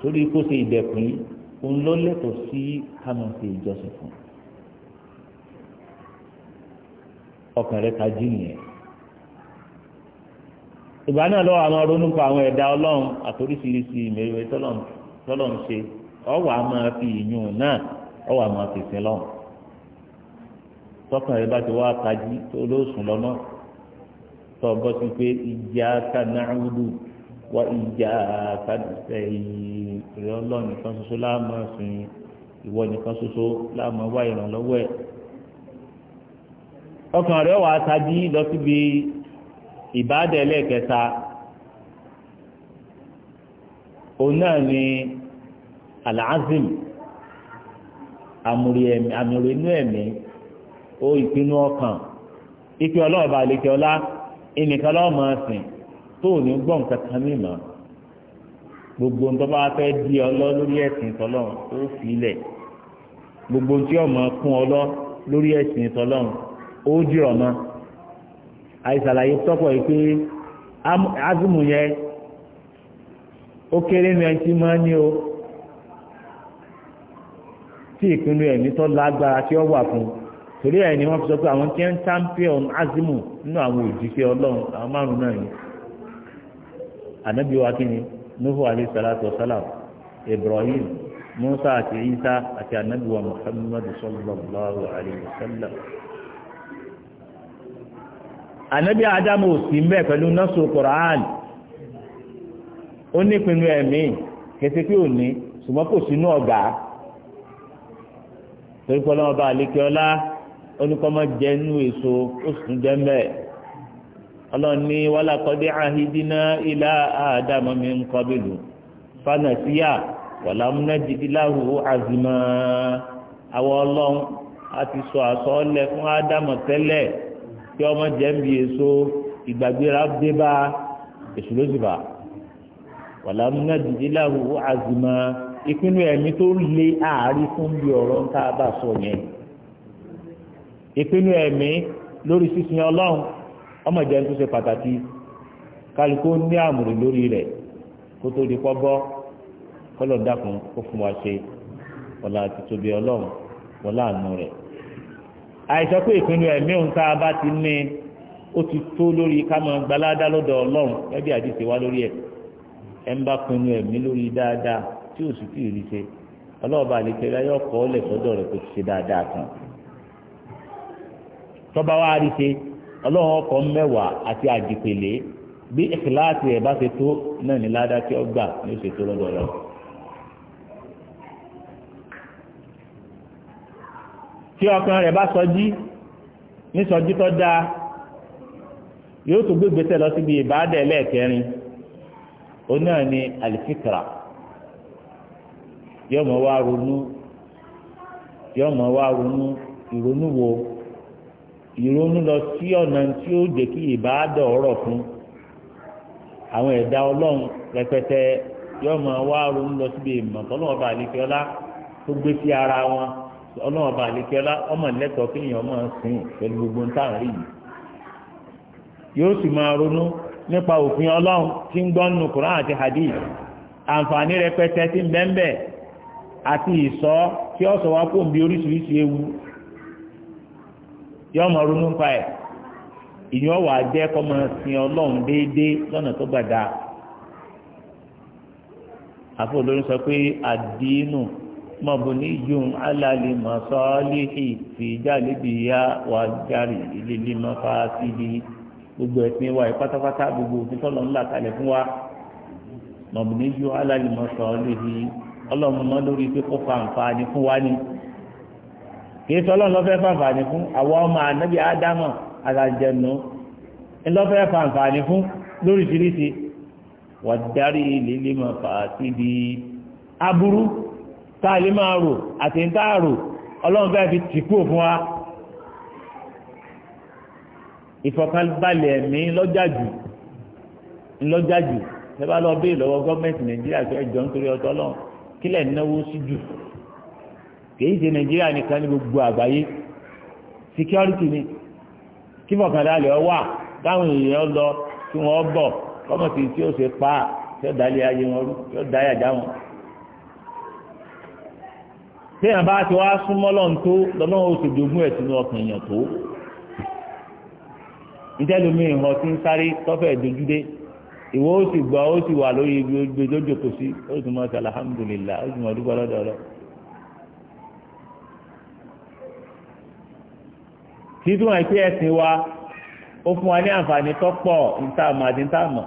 torí kó ṣe ìdẹ̀kùn yìí òun ló lẹ́tọ̀ọ́ sí káwọn ṣe ìjọsìn fún ọkàn rẹ ịda jí nìyẹn ìgbà náà lọ́wọ́ àwọn ronúpọ̀ àwọn ẹ̀dá ọlọ́run ṣe ọwọ́ fi ìyún náà ọwọ́ a fi tọkàn rẹ bá ti wá tají tó ló sùn lọ́nà tó bọ́ sí pé ìjà kanáàlú wá ìjà kadùsẹ̀ ìrẹ́ ọlọ́run nìkan ṣoṣo láàmú ẹ̀sìn ìwọ nìkan ṣoṣo láàmú wá ìrànlọ́wọ́ ẹ̀ ọkàn rẹ wàá tají lọ síbi ìbádẹ́ lẹ́ẹ̀kẹta òun náà ni alazim àmúrí ẹ̀mí ó ìpinnu ọkàn ìpè ọlọ́ọ̀bà àlekè ọlá ẹnìkan lọ́ọ́ máa sìn tó ò ní gbọ́ nǹkan kan mí mọ́ gbogbo ń tọ́ba fẹ́ di ọlọ́ lórí ẹ̀sìn tọ́lọ́ ó fi ilẹ̀ gbogbo tí ọmọ kún ọlọ́ lórí ẹ̀sìn tọ́lọ́ ó dì ọmọ àìsàlàyé tọ́pọ̀ yìí pé azimu yẹn ó kéré nu ẹtí máa ní o tí ìpinnu ẹ̀mí tó lágbára tí ó wà fún un torí ẹ̀ ni wọ́n fi sọ pé àwọn tí ń champion azimu nínú àwọn òjíṣẹ́ ọlọ́run àwọn márùn náà yìí ànábì wa kí ni nuhu alayhi salatu wa salam ibrahim musa àti isa àti ànábì wa muhammad sallallahu alayhi wa sallam. ànábì adamu ò sí mbẹ pẹ̀lú nọ́ọ̀sù quran ó nípinnu ẹ̀mí kẹsẹ̀ pé òní ṣùgbọ́n kò sínú ọ̀gá torí pé ọlọ́mọba àlekẹ́ ọlá oníkọ́mọ́ jẹ́ nú èso ó sì tún jẹ́ mbẹ́ ọlọ́run ní wàlá kọ́dé ahidina ilá àdámọ́ mi ń kọ́ bèlú fanasiya wàlá múnájìdíláhù azima àwọn ọlọ́run a ti sọ àsọ́ọ́lẹ̀ fún ádámọ̀ tẹ́lẹ̀ tí ọmọ jẹ́ ń bi ìgbàgbéra dé bá èso ló sì azima ìpinnu ẹ̀mí tó lé àárí fún bí ọ̀rọ̀ ń tá a ìpinnu ẹ̀mí lórí sísin ọlọ́run ọmọ ìjẹun tó ṣe pàtàkì kálukú ní àmùrè lórí rẹ̀ kó tó di kọ́ bọ́ kọ́lọ̀ dákun kó fún wa ṣe ọ̀la àti tóbi ọlọ́run wọlá àánú rẹ̀ àìsọ pé ìpinnu ẹ̀mí òun tá a bá ti ní ó ti tó lórí ká máa gbaládá lọ́dọ̀ ọlọ́run ẹbí àdìsí wa lórí ẹ̀ ẹ̀ ń bá pinnu ẹ̀mí lórí dáadáa tí ò sì ọlọ́ọ̀bà kọ́ ọ́ lẹ̀ sọ́dọ̀ rẹ̀ ti ṣe dáadáa kan. tọ́ba wa rí ṣe ọlọ́run ọkọ̀ mẹ́wàá àti àdìpèlé bí ìkìláàsì rẹ̀ bá ṣe tó náà ní ládàá tí ó gbà ní oṣù tó lọ́dọ̀ lọ. tí ọkàn rẹ̀ bá sọjí ní sọjí tó dáa yóò tún gbégbèsè lọ síbi ìbáàdẹ̀ lẹ́ẹ̀kẹrin òun náà ni àlìfíkra yọmọ wa ronú yọmọ wa ronú ìrònú wo. ìrònú lọ sí ọ̀nà tí ó jẹ́ kí ìbáàdọ̀ ọ̀rọ̀ fún àwọn ẹ̀dá ọlọ́run rẹpẹtẹ yóò máa wá ronú lọ síbi ìmọ̀ tọ́lọ́wọ́ ọba tó gbé sí ara wọn ọlọ́wọ́ bá àlekẹ́ ọmọ sìn pẹ̀lú gbogbo yìí yóò sì máa ronú nípa òfin ọlọ́run tí ń gbọ́ hadith àǹfààní rẹpẹtẹ ń bẹ́ńbẹ́ àti ewu yọ ọmọ ronú pa ẹ̀ ìyẹn ọwọ́ ajẹ́ kọ́ máa sin lọ́nà tó gbàdá àfọ olórí sọ pé àdínù ní yun alálì mọ̀sọ́ọ́lì ìfìjálébìyà wà járì ìlélí gbogbo wa pátápátá gbogbo òfin tọ́lọ̀ ńlá kalẹ̀ fún wa mọ̀bùnì yun alálì mọ̀sọ́ọ́lì kìí sọ ọlọ́run lọ́fẹ́ fàǹfààní fún àwọn ọmọ ànábì ádámà àtàjẹ̀nù ńlọ́fẹ́ fàǹfààní fún lóríṣiríṣi wàdárí lílé máa fà á síbi aburú tá a lè máa rò àti ń tá a rò ọlọ́run fẹ́ fi tìkú fún wa ìfọ̀kànbalẹ̀ ẹ̀mí lọ́jàjù ńlọ́jàjù ẹ bá lọ béèrè lọ́wọ́ gọ́ọ̀mẹ̀ntì nàìjíríà tó ẹjọ́ nítorí ọtọ́ ọlọ́run kílẹ̀ náwó sí jù kìí nigeria nàìjíríà nìkan ní gbogbo àgbáyé security ni kí fọkàndálẹ̀ ọ wà èèyàn lọ kí wọ́n bọ̀ kọ́mọ̀tì tí ó se pa yóò dalẹ̀ ayé wọn rú yóò wọn. téèyàn bá ti wá súnmọ́ lọ́n lọ́nà kí tí wọ́n ti ẹ̀sìn wa ó fún wa ní àǹfààní tó pọ̀ ntàmọ̀ àti ntàmọ̀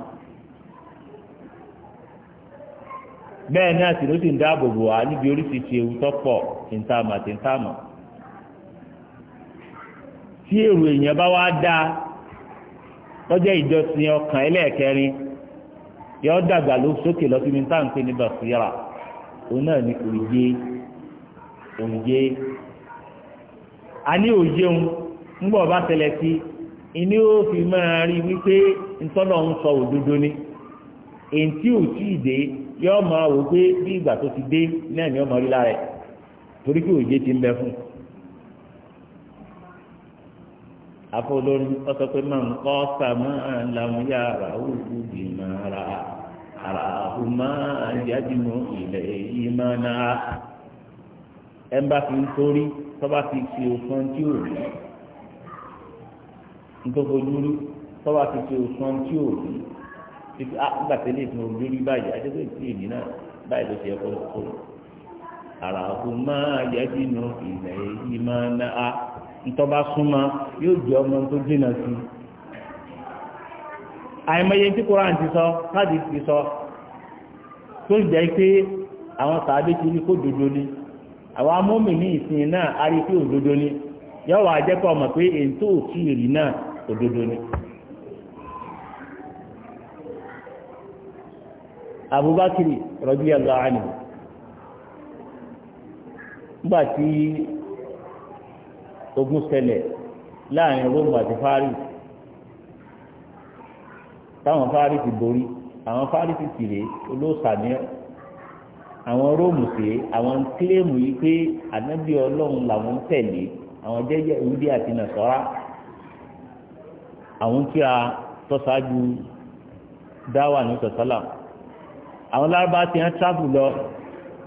bẹ́ẹ̀ ni àti ló sì ń dáàbò bò wá níbi oríṣiríṣi ewu tó pọ̀ ntàmọ̀ àti ntàmọ̀ tí èrò èèyàn bá wá dá tọ́jẹ́ ìjọsìn ọkàn ẹlẹ́ẹ̀kẹrin yọ dàgbà ló sókè lọ sí mi tá à ń pè ní basira òun náà ni òye òye a ní òye òun. ńgbọ́ ọba tẹlẹ sí ìní ó fi máa rí wípé ntọ́nà ń sọ òdodo ni tí ò tí ì dé yọ máa wò pé bí ìgbà tó ti dé náà ni ọmọ rí lára torí pé ti ń bẹ fún un. afọ olórin ọsọ pé máa ń kọ́ ara ilẹ̀ yìí máa fi ń torí fi òfin tí ò rí. ntòfojúrí tọ́wọ́ ti ṣe òṣùwọ̀n tí rí títí àgbà tẹ́lẹ̀ báyìí tí èmi náà báyìí ló ẹ̀kọ́ tó máa yẹ yìí máa ná a ntọ́ba súnmọ́ yóò jẹ́ ọmọ tó sí i àìmọye tí koran ti sọ káàdì ti sọ tó jẹ́ pé àwọn sàábé ti rí kó dodo ni àwọn ní ìsìn náà a pé òdodo ni yọ̀wọ̀ àjẹpọ̀ mọ̀ pé èyí tó ò tí ì òdodo ni. Abubakar radiyallahu anhu nígbà tí ogun ṣẹlẹ̀ láàrin Róòmù àti Fáris táwọn Fáris borí àwọn Fáris sì rèé olóòsàníyàn àwọn róòmù pé àwọn kílèmù yìí pé ànábì ọlọ́run làwọn tẹ̀lé àwọn jẹ́jẹ́ ìwúdí àti nàṣọ́ra àwọn tí a tọ́sáájú dáwà ní tọ̀sálà àwọn lárúbá ti hàn tábù lọ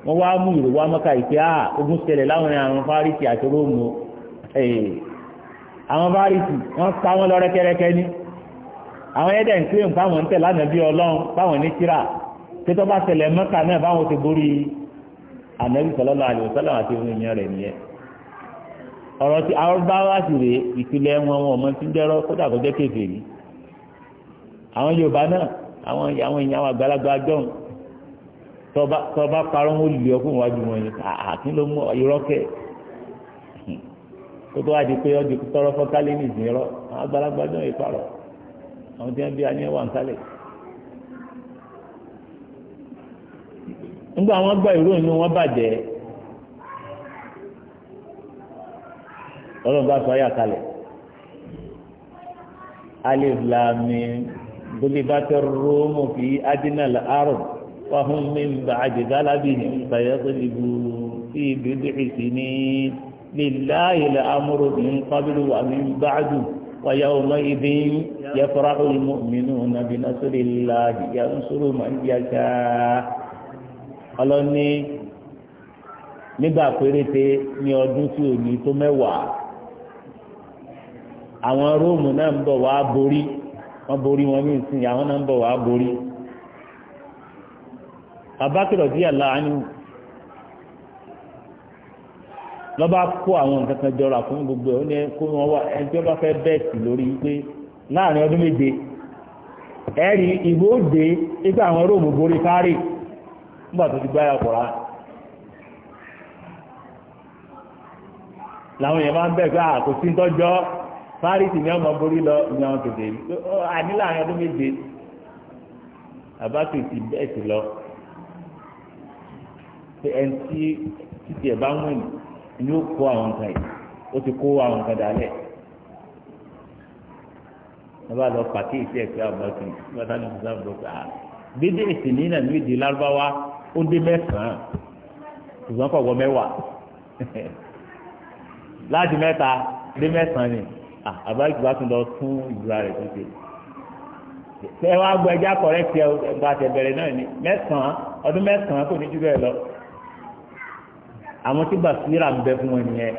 wọ́n wá mú ìrò wá mọ́ka ìpè à ah, ogun ṣẹlẹ̀ láwọn ẹ̀rọ àwọn fáríìsì àti róòmù àwọn fáríìsì wọ́n pa wọ́n lọ rẹ́kẹ́rẹ́kẹ́ ní àwọn ẹ̀dẹ̀ ń pè ń fáwọn ń tẹ̀ lánàá bí ọlọ́run fáwọn ní tíra tẹ́tọ́ bá ṣẹlẹ̀ mọ́ka náà báwọn ti borí ànábì sallallahu alaihi àti ohun ìyẹn rẹ̀ nìyẹn ọ̀rọ̀ tí arúgbáwá sì rèé ìpìlẹ̀ wọn wọn ọmọ tí ń dẹ́rọ́ kódà kó jẹ́ kèfèrí àwọn yorùbá náà àwọn àwọn èèyàn àwọn àgbàlagbà jọ̀hún tọba parọ́ wọn lè ọkùn wájú wọn yìí àti ló mú irọ́kẹ́ kó tó wá di pé ọdún tọrọ fọ́kálẹ́ ní ìdìrọ́ àwọn àgbàlagbà jọ̀hún yìí parọ́ àwọn tí wọ́n bí aníyàn wà ń sálẹ̀. nígbà wọn gbọ́ ìròyìn wọn bàjẹ́ ọlọ́run bá sọ ayé àkàlẹ̀ alif lami bulibata rome fi adinal arab wahun min ba'di galabihim sayaqlibu fi bid'i sinin lillahi al-amru min qablu wa min ba'du wa yawma idhin yafrahu al-mu'minuna bi nasrillahi yansuru man yasha ọlọ́ni nígbà péréte ní ọdún tí ò ní tó mẹ́wàá àwọn róòmù náà ń bọ̀ wá borí wọ́n borí wọn ní ìsìn àwọn náà ń bọ̀ wá borí abákìrọ̀ díẹ̀ láàánú lọ́ba kó àwọn nǹkan kan jọra fún gbogbo ẹ̀ ó ní kó wọn wá ẹjọ́ bá fẹ́ bẹ́ẹ̀tì lórí wípé láàrin ọdún méje ẹ̀rí ìbò dé ipé àwọn róòmù borí kárì nígbà tó ti gbáyà kọ̀ọ̀rá làwọn èèyàn máa ń bẹ̀ pé àkótí ń tọ́jọ́ fáríìsì ni ọmọ borí lọ ní àwọn tètè àní láàrin ọdún méje àbátò ti bẹ́ẹ̀ sí lọ pé ẹni tí títí ẹ̀ bá ń wìn ni ó kó àwọn nǹkan yìí ó ti kó àwọn nǹkan dálẹ̀ wọ́n bá lọ pàkíyèsí ẹ̀kẹ́ àbọ̀tì wọ́n tán ní ìsúná bọ́ọ̀kì à gbédé ìsìn nínà ní èdè lárúbáwá ó dé mẹ́sàn-án ṣùgbọ́n kọ̀wọ́ mẹ́wàá láti mẹ́ta dé mẹ́sàn-án ni. Ah, àbáyìkì bá tún lọ tún ìbúra rẹ̀ tó ṣe ṣe wá gbọ́ ẹja kọrẹ tiẹ gba tẹbẹrẹ náà ni mẹ́sàn-án ọdún mẹ́sàn-án kò ní jù bẹ́ẹ̀ lọ àwọn tí basira ń bẹ fún wọn nìyẹn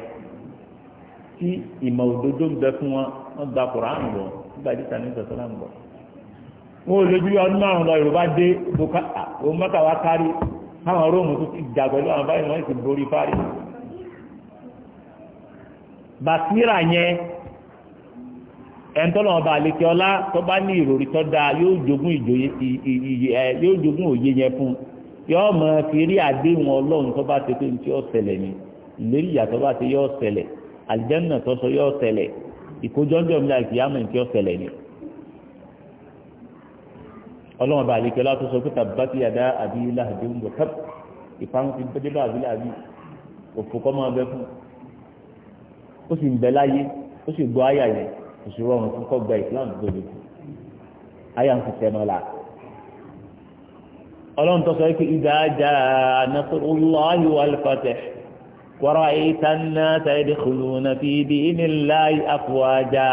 tí ìmọ̀ òdodo ń bẹ fún wọn wọn gba koran lọ nígbà tí sani sọsọ náà ń bọ wọn ò lójú ọdún márùn lọ yorùbá dé bùkà òun mẹ́ta wá kárí káwọn róòmù tó ti jà pẹ̀lú àwọn báyìí wọn sì borí fárí basira yẹn ẹ̀ńtọ́lọ̀ ọba àlekè ọlá tó bá ní ìròrí tó dáa yóò jogún ìjòyè ẹ yóò jogún òye yẹn fún yóò mọ fi àdéhùn ọlọ́run tó bá ti pé ní tí yóò ṣẹlẹ̀ ni ìlérí ìyà tó bá ti yóò ṣẹlẹ̀ àlìjẹ́nà tó sọ yóò ṣẹlẹ̀ ìkójọ́jọ́ mi láti yàmù ní tí yóò ṣẹlẹ̀ ni. ọlọ́run ọba àlekè ọlá tó sọ pé tàbí bàtí yàdá àbí láàbí ń bọ̀ táp ìparun ti bẹ́ẹ̀ bá àbí kò sí rọrùn fún kọ́ gba islam gbòdì ayé àwọn kìtẹ́ náà la ọlọ́run tó sọ pé ìdá ajá nasrullahi wal fath ورأيت الناس يدخلون في دين الله أفواجا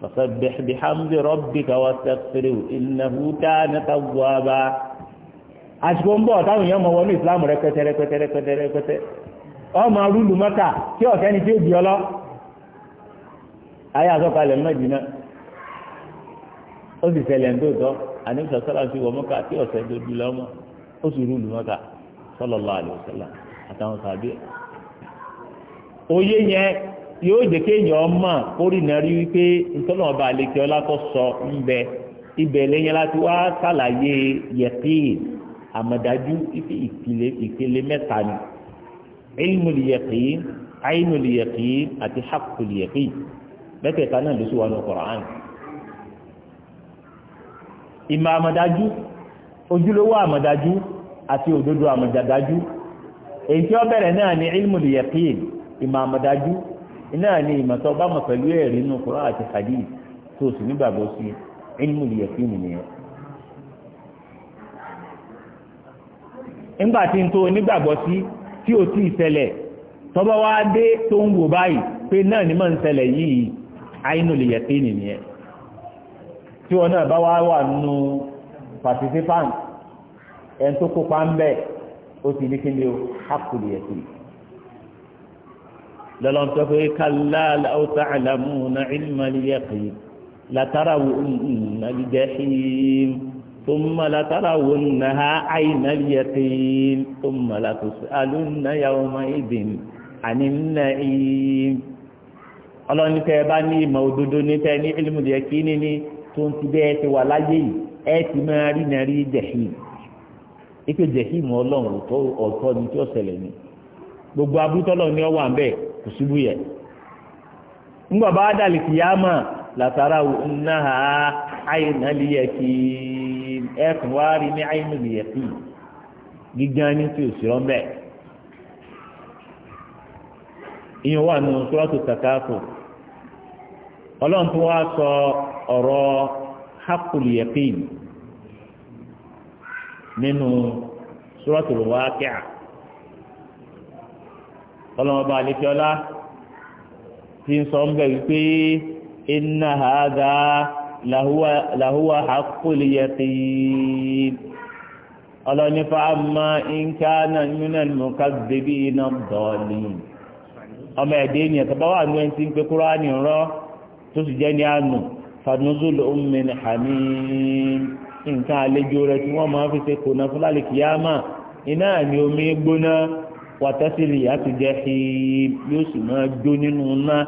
فسبح بحمد ربك واستغفره إنه كان توابا àsìkò ń bọ̀ táwọn èèyàn mọ̀ wọnú ìsìláàmù rẹpẹtẹ rẹpẹtẹ rẹpẹtẹ rẹpẹtẹ ọmọ arúlù mọ́ta tí ọ̀sẹ́ni tí ó di ọlọ́ ayé àsọ̀kalẹ̀ mẹ́dínà ó sì ṣẹlẹ̀ ńdóòtọ́ àníbísà sọ́lá ti wọ̀ mọ́ká tí ọ̀sẹ̀ dojú lọ́mọ́ ó sì rúùlù mọ́ká sallallahu alaihi àtàwọn tàbí ẹ̀. yẹn yóò jẹ́ kéèyàn mọ̀ kórìnà rí wípé ntọ́nà ọba ọlá sọ ibẹ̀ lẹ́yìn láti wá sàlàyé àmọ̀dájú ife mẹ́ta ni àti mẹ́tẹ̀ẹ̀ta náà ló sì wà ní ìmọ̀ àmọ̀dájú ojúlówó amadaju àti èyí tí ó bẹ̀rẹ̀ náà ni ilmul ìmọ̀ àmọ̀dájú náà ni ìmọ̀ bá mọ̀ pẹ̀lú ẹ̀rí nínú Kùránì àti hadith tó sì nígbàgbọ́ sí ilmul nìyẹn. nígbà tí n tó nígbàgbọ́ sí tí ò tí àínúlè yẹ̀kí nìyẹn tí wọn náà bá wá wà nínú participant ẹni tó kópa ń bẹ̀ ó ti ní kí ni o hakùlè yẹ̀kí lọ́lọ́ntọ́ pé kálá láwùtá àlámù náà ìlmàlì yẹ̀kí látàràwò nàlìjẹ́ ìhìm tó ń mọ látàràwò nàá àìnàlì yẹ̀kí tó ń mọ látòsí àlùnà yàwó máa ìdìn àní nàá ọlọ́run bá ní ìmọ̀ òdodo ní tẹ́ ní ilmu ní tó ń ti ẹ ti wà láyé ẹ ti máa rí náà rí ipe ọlọ́run ọ̀tọ́ ni tí gbogbo abútọ́lọ̀ ni ọ wà ń bẹ̀ kò síbú yẹ ńgbà bá látara náà àyìnà lè yẹ kí ẹkùn wá rí ní àyìnà lè yẹ kí ní tí ọlọ́run tó wá sọ ọ̀rọ̀ hakuli yaqin nínú suratul waqi'a ọlọ́run ọba àlekíọ́lá ti ń sọ ń bẹ̀ wípé inna hadha lahuwa hakuli yaqin ọlọ́ni fáamá nkánà nínú nǹka bèbí iná dọ̀ọ̀lì ọmọ ẹ̀dẹ́ ènìyàn tó bá wà ní ẹni tí ń pe Kùránì rọ́ tó sì jẹ́ ní àánú fanuzulu min hamim nǹkan àlejò rẹ̀ tí wọ́n máa fi ṣe kùnà fún lálẹ́ kìyàmà iná ni omi gbóná wàtásìlì àti jẹ́ hìm yóò sì máa jó nínú iná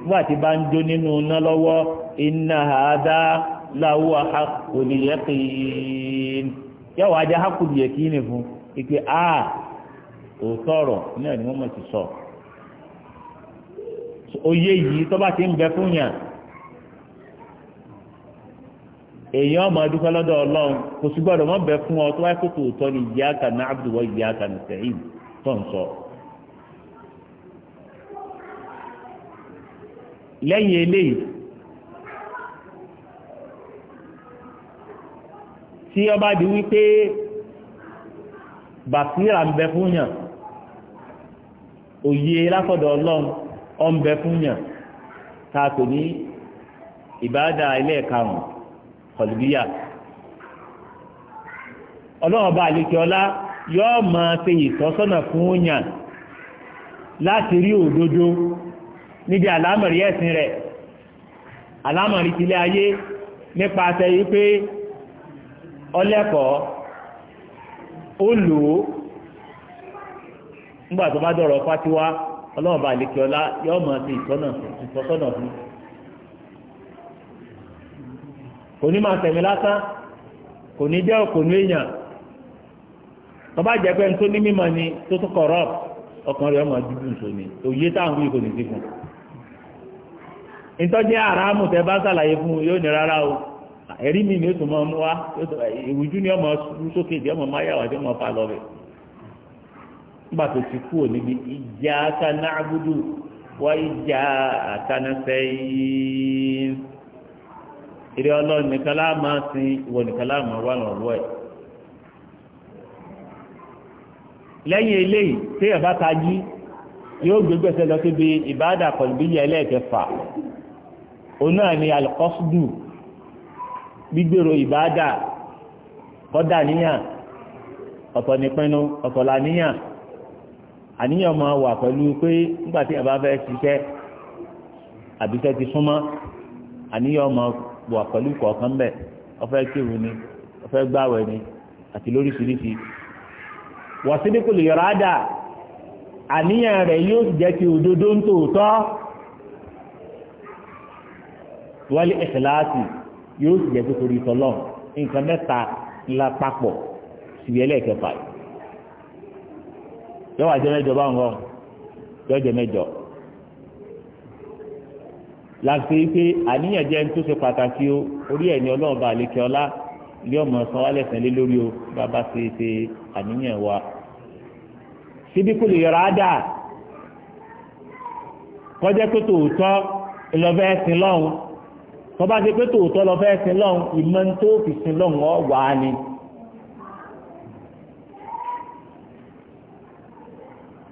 nígbà tí bá ń jó nínú iná lọ́wọ́ inna hada láwọ́ haqqul yaqin yàwó ajá haqqul yaqin fún ike a òótọ́ ọ̀rọ̀ náà ni wọ́n mọ̀ sí sọ̀rọ̀ oyé yìí tó bá ti ń bẹ fún yàn èèyàn ọmọ adúpẹ́ lọ́dọ̀ ọlọ́run kò sì gbọ́dọ̀ mọ́ bẹ fún ọ tó wáyé kótó òótọ́ ni iyyaka na'budu wa iyyaka nasta'in tó ń sọ. lẹ́yìn eléyìí tí ó di wípé bàtírà ń bẹ fún yàn òye látọ̀dọ̀ ọlọ́run. ọ̀nbẹ fụnya yàn tá ni ịbada ní ilé karùn-ún ọlọ́run bá yọọ ma máa ṣe ìtọ́sọ́nà fún láti rí òdodo níbi àlámọ̀rí ẹ̀sìn rẹ̀ àlámọ̀rí tilé ayé nípa yìí pé ọlẹ́kọ̀ọ́ ó lò ọlọ́run bá lèkì ọlá yọ ọmọ ti ìtọ́nà ìtọ́sọ́nà fún kò ní máa tẹ̀mí lásán kò ní jẹ́ kò ní èèyàn tọ́ba jẹ́ pé nítorí mímọ ni tó tún kọ̀rọ̀ ọkàn rẹ̀ ọmọ dúdú nsọ́ni òye táwọn wí kò ní sí fún ìtọ́jú àràmù tẹ bá sàlàyé fún yóò ní rárá o ẹ̀rí mi ni ó tún mọ́ ọ mú wa ìwújú ni ọmọ sókè tí ọmọ máyàwá tí ọmọ pa bẹ́ẹ̀ nígbà tó ti kúrò níbi ìjà kaná abudu wá ìjà kaná sẹ́yìn eré ọlọ́run nìkan láàmà sin ìwọ nìkan láàmà wà lọ́wọ́ ẹ̀. lẹ́yìn eléyìí téèyàn bá ta jí yóò gbé gbèsè lọ síbi ìbáàdà kọ̀lùbíyà ẹlẹ́ẹ̀kẹfà òun náà ni gbígbèrò ìbáàdà kọ́dà níyàn ọ̀tọ̀ nípinnu ọ̀tọ̀ làníyàn àníyàn máa wà pẹ̀lú pé nígbà tí àbá fẹ́ ṣiṣẹ́ àbíṣẹ́ ti súnmọ́ àníyàn máa wà pẹ̀lú kọ̀ọ̀kan bẹ̀ ọfẹ́ kírun ni ọfẹ́ gbàwẹ̀ ni àti lóríṣiríṣi wọ̀sídìkù lè yọ̀rọ̀ àdà àníyàn rẹ̀ yóò jẹ́ kí òdodo ń tòótọ́ wálé ẹ̀kẹ́láàsì yóò sì jẹ́ kí torí tọ́lọ́ nǹkan mẹ́ta ńlá papọ̀ síbi ẹlẹ́ẹ̀kẹfà yìí yọwọ àjẹ mẹ́jọ bá ń rọrùn yọjẹ mẹ́jọ láti pé àníyàn jẹ́ tó ṣe pàtàkì o orí ẹ̀ ní ọlọ́ọ̀bà àlekẹ́ ọlá ilé ọmọ san wálẹ̀ sàn lé lórí o bàbá ṣe ṣe àníyàn wa síbí kò lè yọra á kọjá pé tòótọ́ ìlọ́fẹ́ ẹ̀sìn lọ́hùn tọ́ba ṣe pé tòótọ́ lọ́fẹ́ ẹ̀sìn lọ́hùn ìmọ̀ tó fi sin lọ́hùn ọ̀ ni.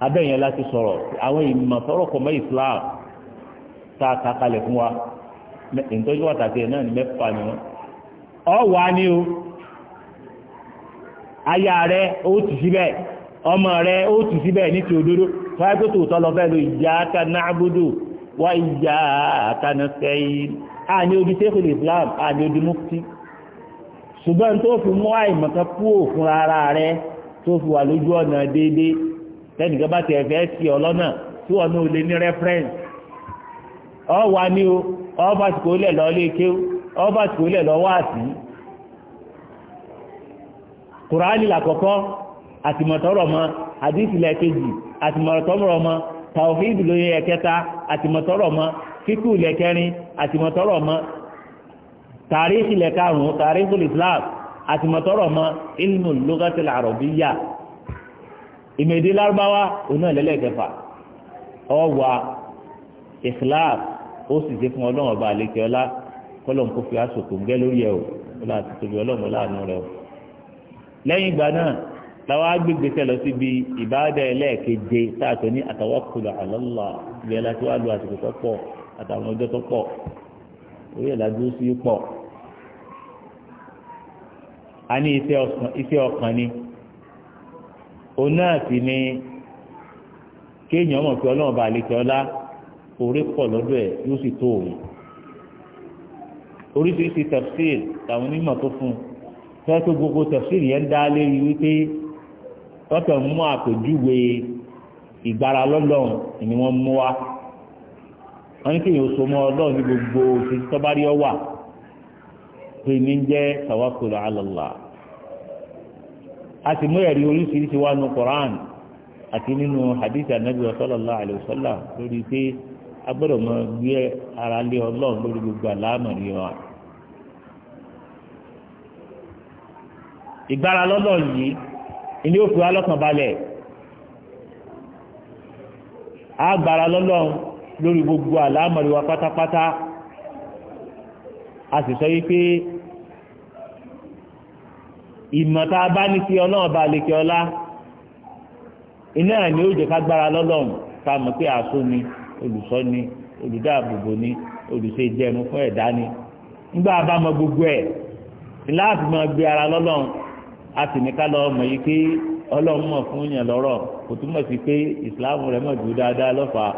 abẹ́yẹn láti sọ̀rọ̀ àwọn ìmọ̀ sọ̀rọ̀ kọ̀ mọ́ Islam tá a ta kalẹ̀ fún wa ìtọ́jú pàtàkì ẹ̀ náà ní mẹ́fà ni wọ́n. ọ wà o aya rẹ ó tù síbẹ̀ ọmọ rẹ ó tù síbẹ̀ ní ti òdodo fáyé pé tòótọ́ lọ bẹ́ẹ̀ lo iyyaka na'budu wa iyyaka nasta'in àní odi sẹ́kùn Islam àní odi mufti ṣùgbọ́n tó fi mú àìmọ̀kan kú òfin ara rẹ tó fi wà lójú ọ̀nà déédéé tẹnìkan bá tiẹ̀ fẹ́ sí ọ lọ́nà tí wọn náà lè ní rẹ́fẹ́rẹ́nsì ọ wà ní o ọ bá ti kò lẹ̀ lọ lé kéw ọ bá ti kò lẹ̀ lọ wá sí kùránì làkọ́kọ́ àtìmọ̀tọ́rọ̀ mọ àdìsí lẹ́ẹ̀kejì àtìmọ̀tọ́rọ̀ mọ́ tàwọ́fíìdì lóye ẹ̀kẹta àtìmọ̀tọ́rọ̀ mọ́ kíkú lẹ́kẹrin àtìmọ̀tọ́rọ̀ mọ́ tàríkì lẹ́karùn-ún tàríkì islam àtìmọ̀tọ́rọ̀ mọ́ ilmu lughatil arabiyya ìmẹ̀dé lárúbáwá òun náà lẹ́lẹ́kẹfà ọwà ìkìláàf ó sì ṣe fún ọlọ́run ọba àlekè ọlá kọ́lọ́n kó fi aṣòkò ń gẹ́ lórí ẹ̀ o ọlá àti tóbi ọlọ́run láàánú rẹ o. lẹ́yìn ìgbà náà làwọn agbègbè tẹ̀ lọ síbi ìbáàdà ẹlẹ́ẹ̀keje táàtò ní àtàwákùlà àlọ́lá ibi ẹ̀la tí wàá lu àsìkò tó pọ̀ àtàwọn ọjọ́ tó pọ̀ orí ẹ̀la dúró sí pọ̀. a ní iṣẹ́ ọkàn ni òun náà sì ni kéèyàn mọ̀ pé ọlọ́run bá àlejò ọlá orí pọ̀ lọ́dọ̀ ẹ̀ yóò sì tó òun oríṣiríṣi tafsir làwọn onímọ̀ tó fún un fẹ́ẹ́ tó gbogbo tafsir yẹn dá lérí wípé tọ́tọ̀ mú àpèjúwe ìgbára lọ́lọ́run ni wọ́n mú wa wọ́n ní kéèyàn so mọ́ ọlọ́run ní gbogbo òṣèlú tó bá pé ní jẹ́ tawakkul ala a sì mú ẹ̀rí oríṣiríṣi wá nu Quran àti nínú hadith anabi sallallahu alayhi wa sallam lórí pé a gbọ́dọ̀ mọ gbé ara lé ọlọ́run lórí gbogbo àlámọ̀rí wa. ìgbára lọ́dọ̀ yìí ilé òfin alọ́kàn balẹ̀ á gbára lọ́dọ̀ lórí gbogbo àlámọ̀rí wa pátápátá a sì sọ yìí pé. ìmọ̀ta bá ní kí ọlọ́run bá lè kí ọlá iná ni ó jẹ́ ká gbára lọ́lọ́run ká mọ̀ pé àásó ni olùsọ ni olùdáàbòbò ni olùṣe jẹun fún ẹ̀dá ni nígbà bá mọ gbogbo ẹ̀ láti mọ gbé ara lọ́lọ́run a sì ní ká lọ mọ̀ yìí pé fún lọ́rọ̀ kò túmọ̀ sí pé ìsìláàmù mọ̀ jù dáadáa lọ́fàá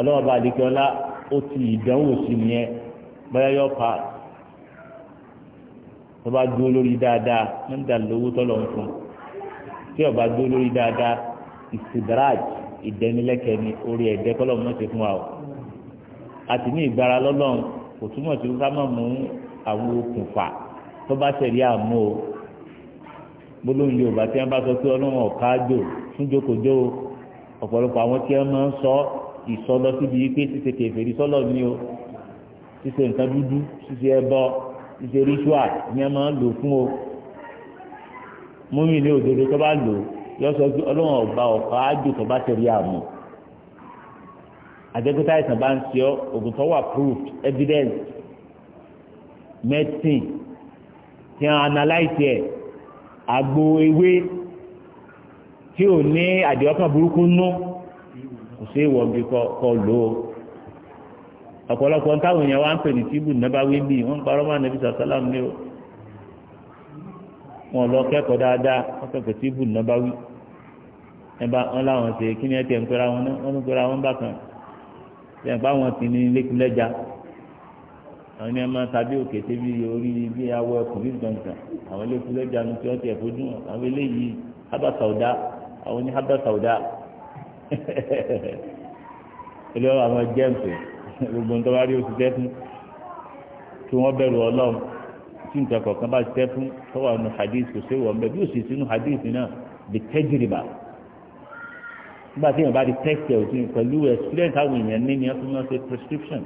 ọlọ́run bá lè kí ọlá ó ti tó bá dúró lórí dáadáa ń dà lówó tọ́lọ̀ ń fún tí ó bá dúró lórí dáadáa ìsìdáráj ìdẹ́nilẹ́kẹ̀ ni orí ẹ̀dẹ́ kọ́lọ̀ mọ́ ti fún wa o àti ní ìgbára lọ́lọ́run kò túmọ̀ sí ká má mú àwọn okùnfà tó bá tẹ̀lé àmú o gbólóhùn yorùbá tí wọ́n bá sọ pé ọlọ́run ọ̀kájò fún jókòjó ọ̀pọ̀lọpọ̀ àwọn tí wọ́n máa ń sọ ìsọlọ síbi pé ṣíṣe kèfèrí sọ́lọ̀ ni o ṣíṣe nǹkan dúdú ṣíṣe ẹbọ ṣe ritual a máa ń lò fún o múmi ní òdodo tó bá lò yọsọ pé ọlọ́wọ́n ọba ọ̀pá ájò tó bá tẹ̀lé àmú àjẹkútà ìsàn bá ń ṣe ọ ògùn tó wà proved evidence medicine ti hàn analyse ẹ̀ àgbo ewé tí ò ní àdìọ́kàn burúkú nú kò sí ìwọ̀n bí kò lò ó ọ̀pọ̀lọpọ̀ táwọn èèyàn wá ń pè ní tíbù nàbáwí bí wọ́n ń parọ́ mọ́ ànábì sàlám ní o wọn lọ kẹ́kọ̀ọ́ dáadáa wọ́n kẹ́kọ̀ọ́ tíbù nàbáwí ẹ̀bá wọn láwọn ṣe kí ni ẹ̀ tẹ̀ ń pera wọn náà wọ́n ń pera wọn bákan tẹ̀ ń pa wọn ti ní lẹ́kùlẹ́já àwọn ní ẹ máa tàbí òkè tẹ́bí orí bí awọ ẹkùn gbọ̀ngàn àwọn lẹ́kùlẹ́já ní tí wọ́n ti ẹ̀ gbogbo nǹkan bá rí o ti tẹ́ fún kí wọ́n bẹ̀rù ọlọ́run tí nǹkan kọ̀ọ̀kan bá ti tẹ́ fún tọ́wọ́ nu hadith kò séwọ̀ ọ̀bẹ bí ó sì sínú hadith náà the tejiriba nígbà tí èèyàn bá di tẹ́sítẹ̀ òtún pẹ̀lú experience àwọn èèyàn ní ni wọ́n fi máa ṣe prescription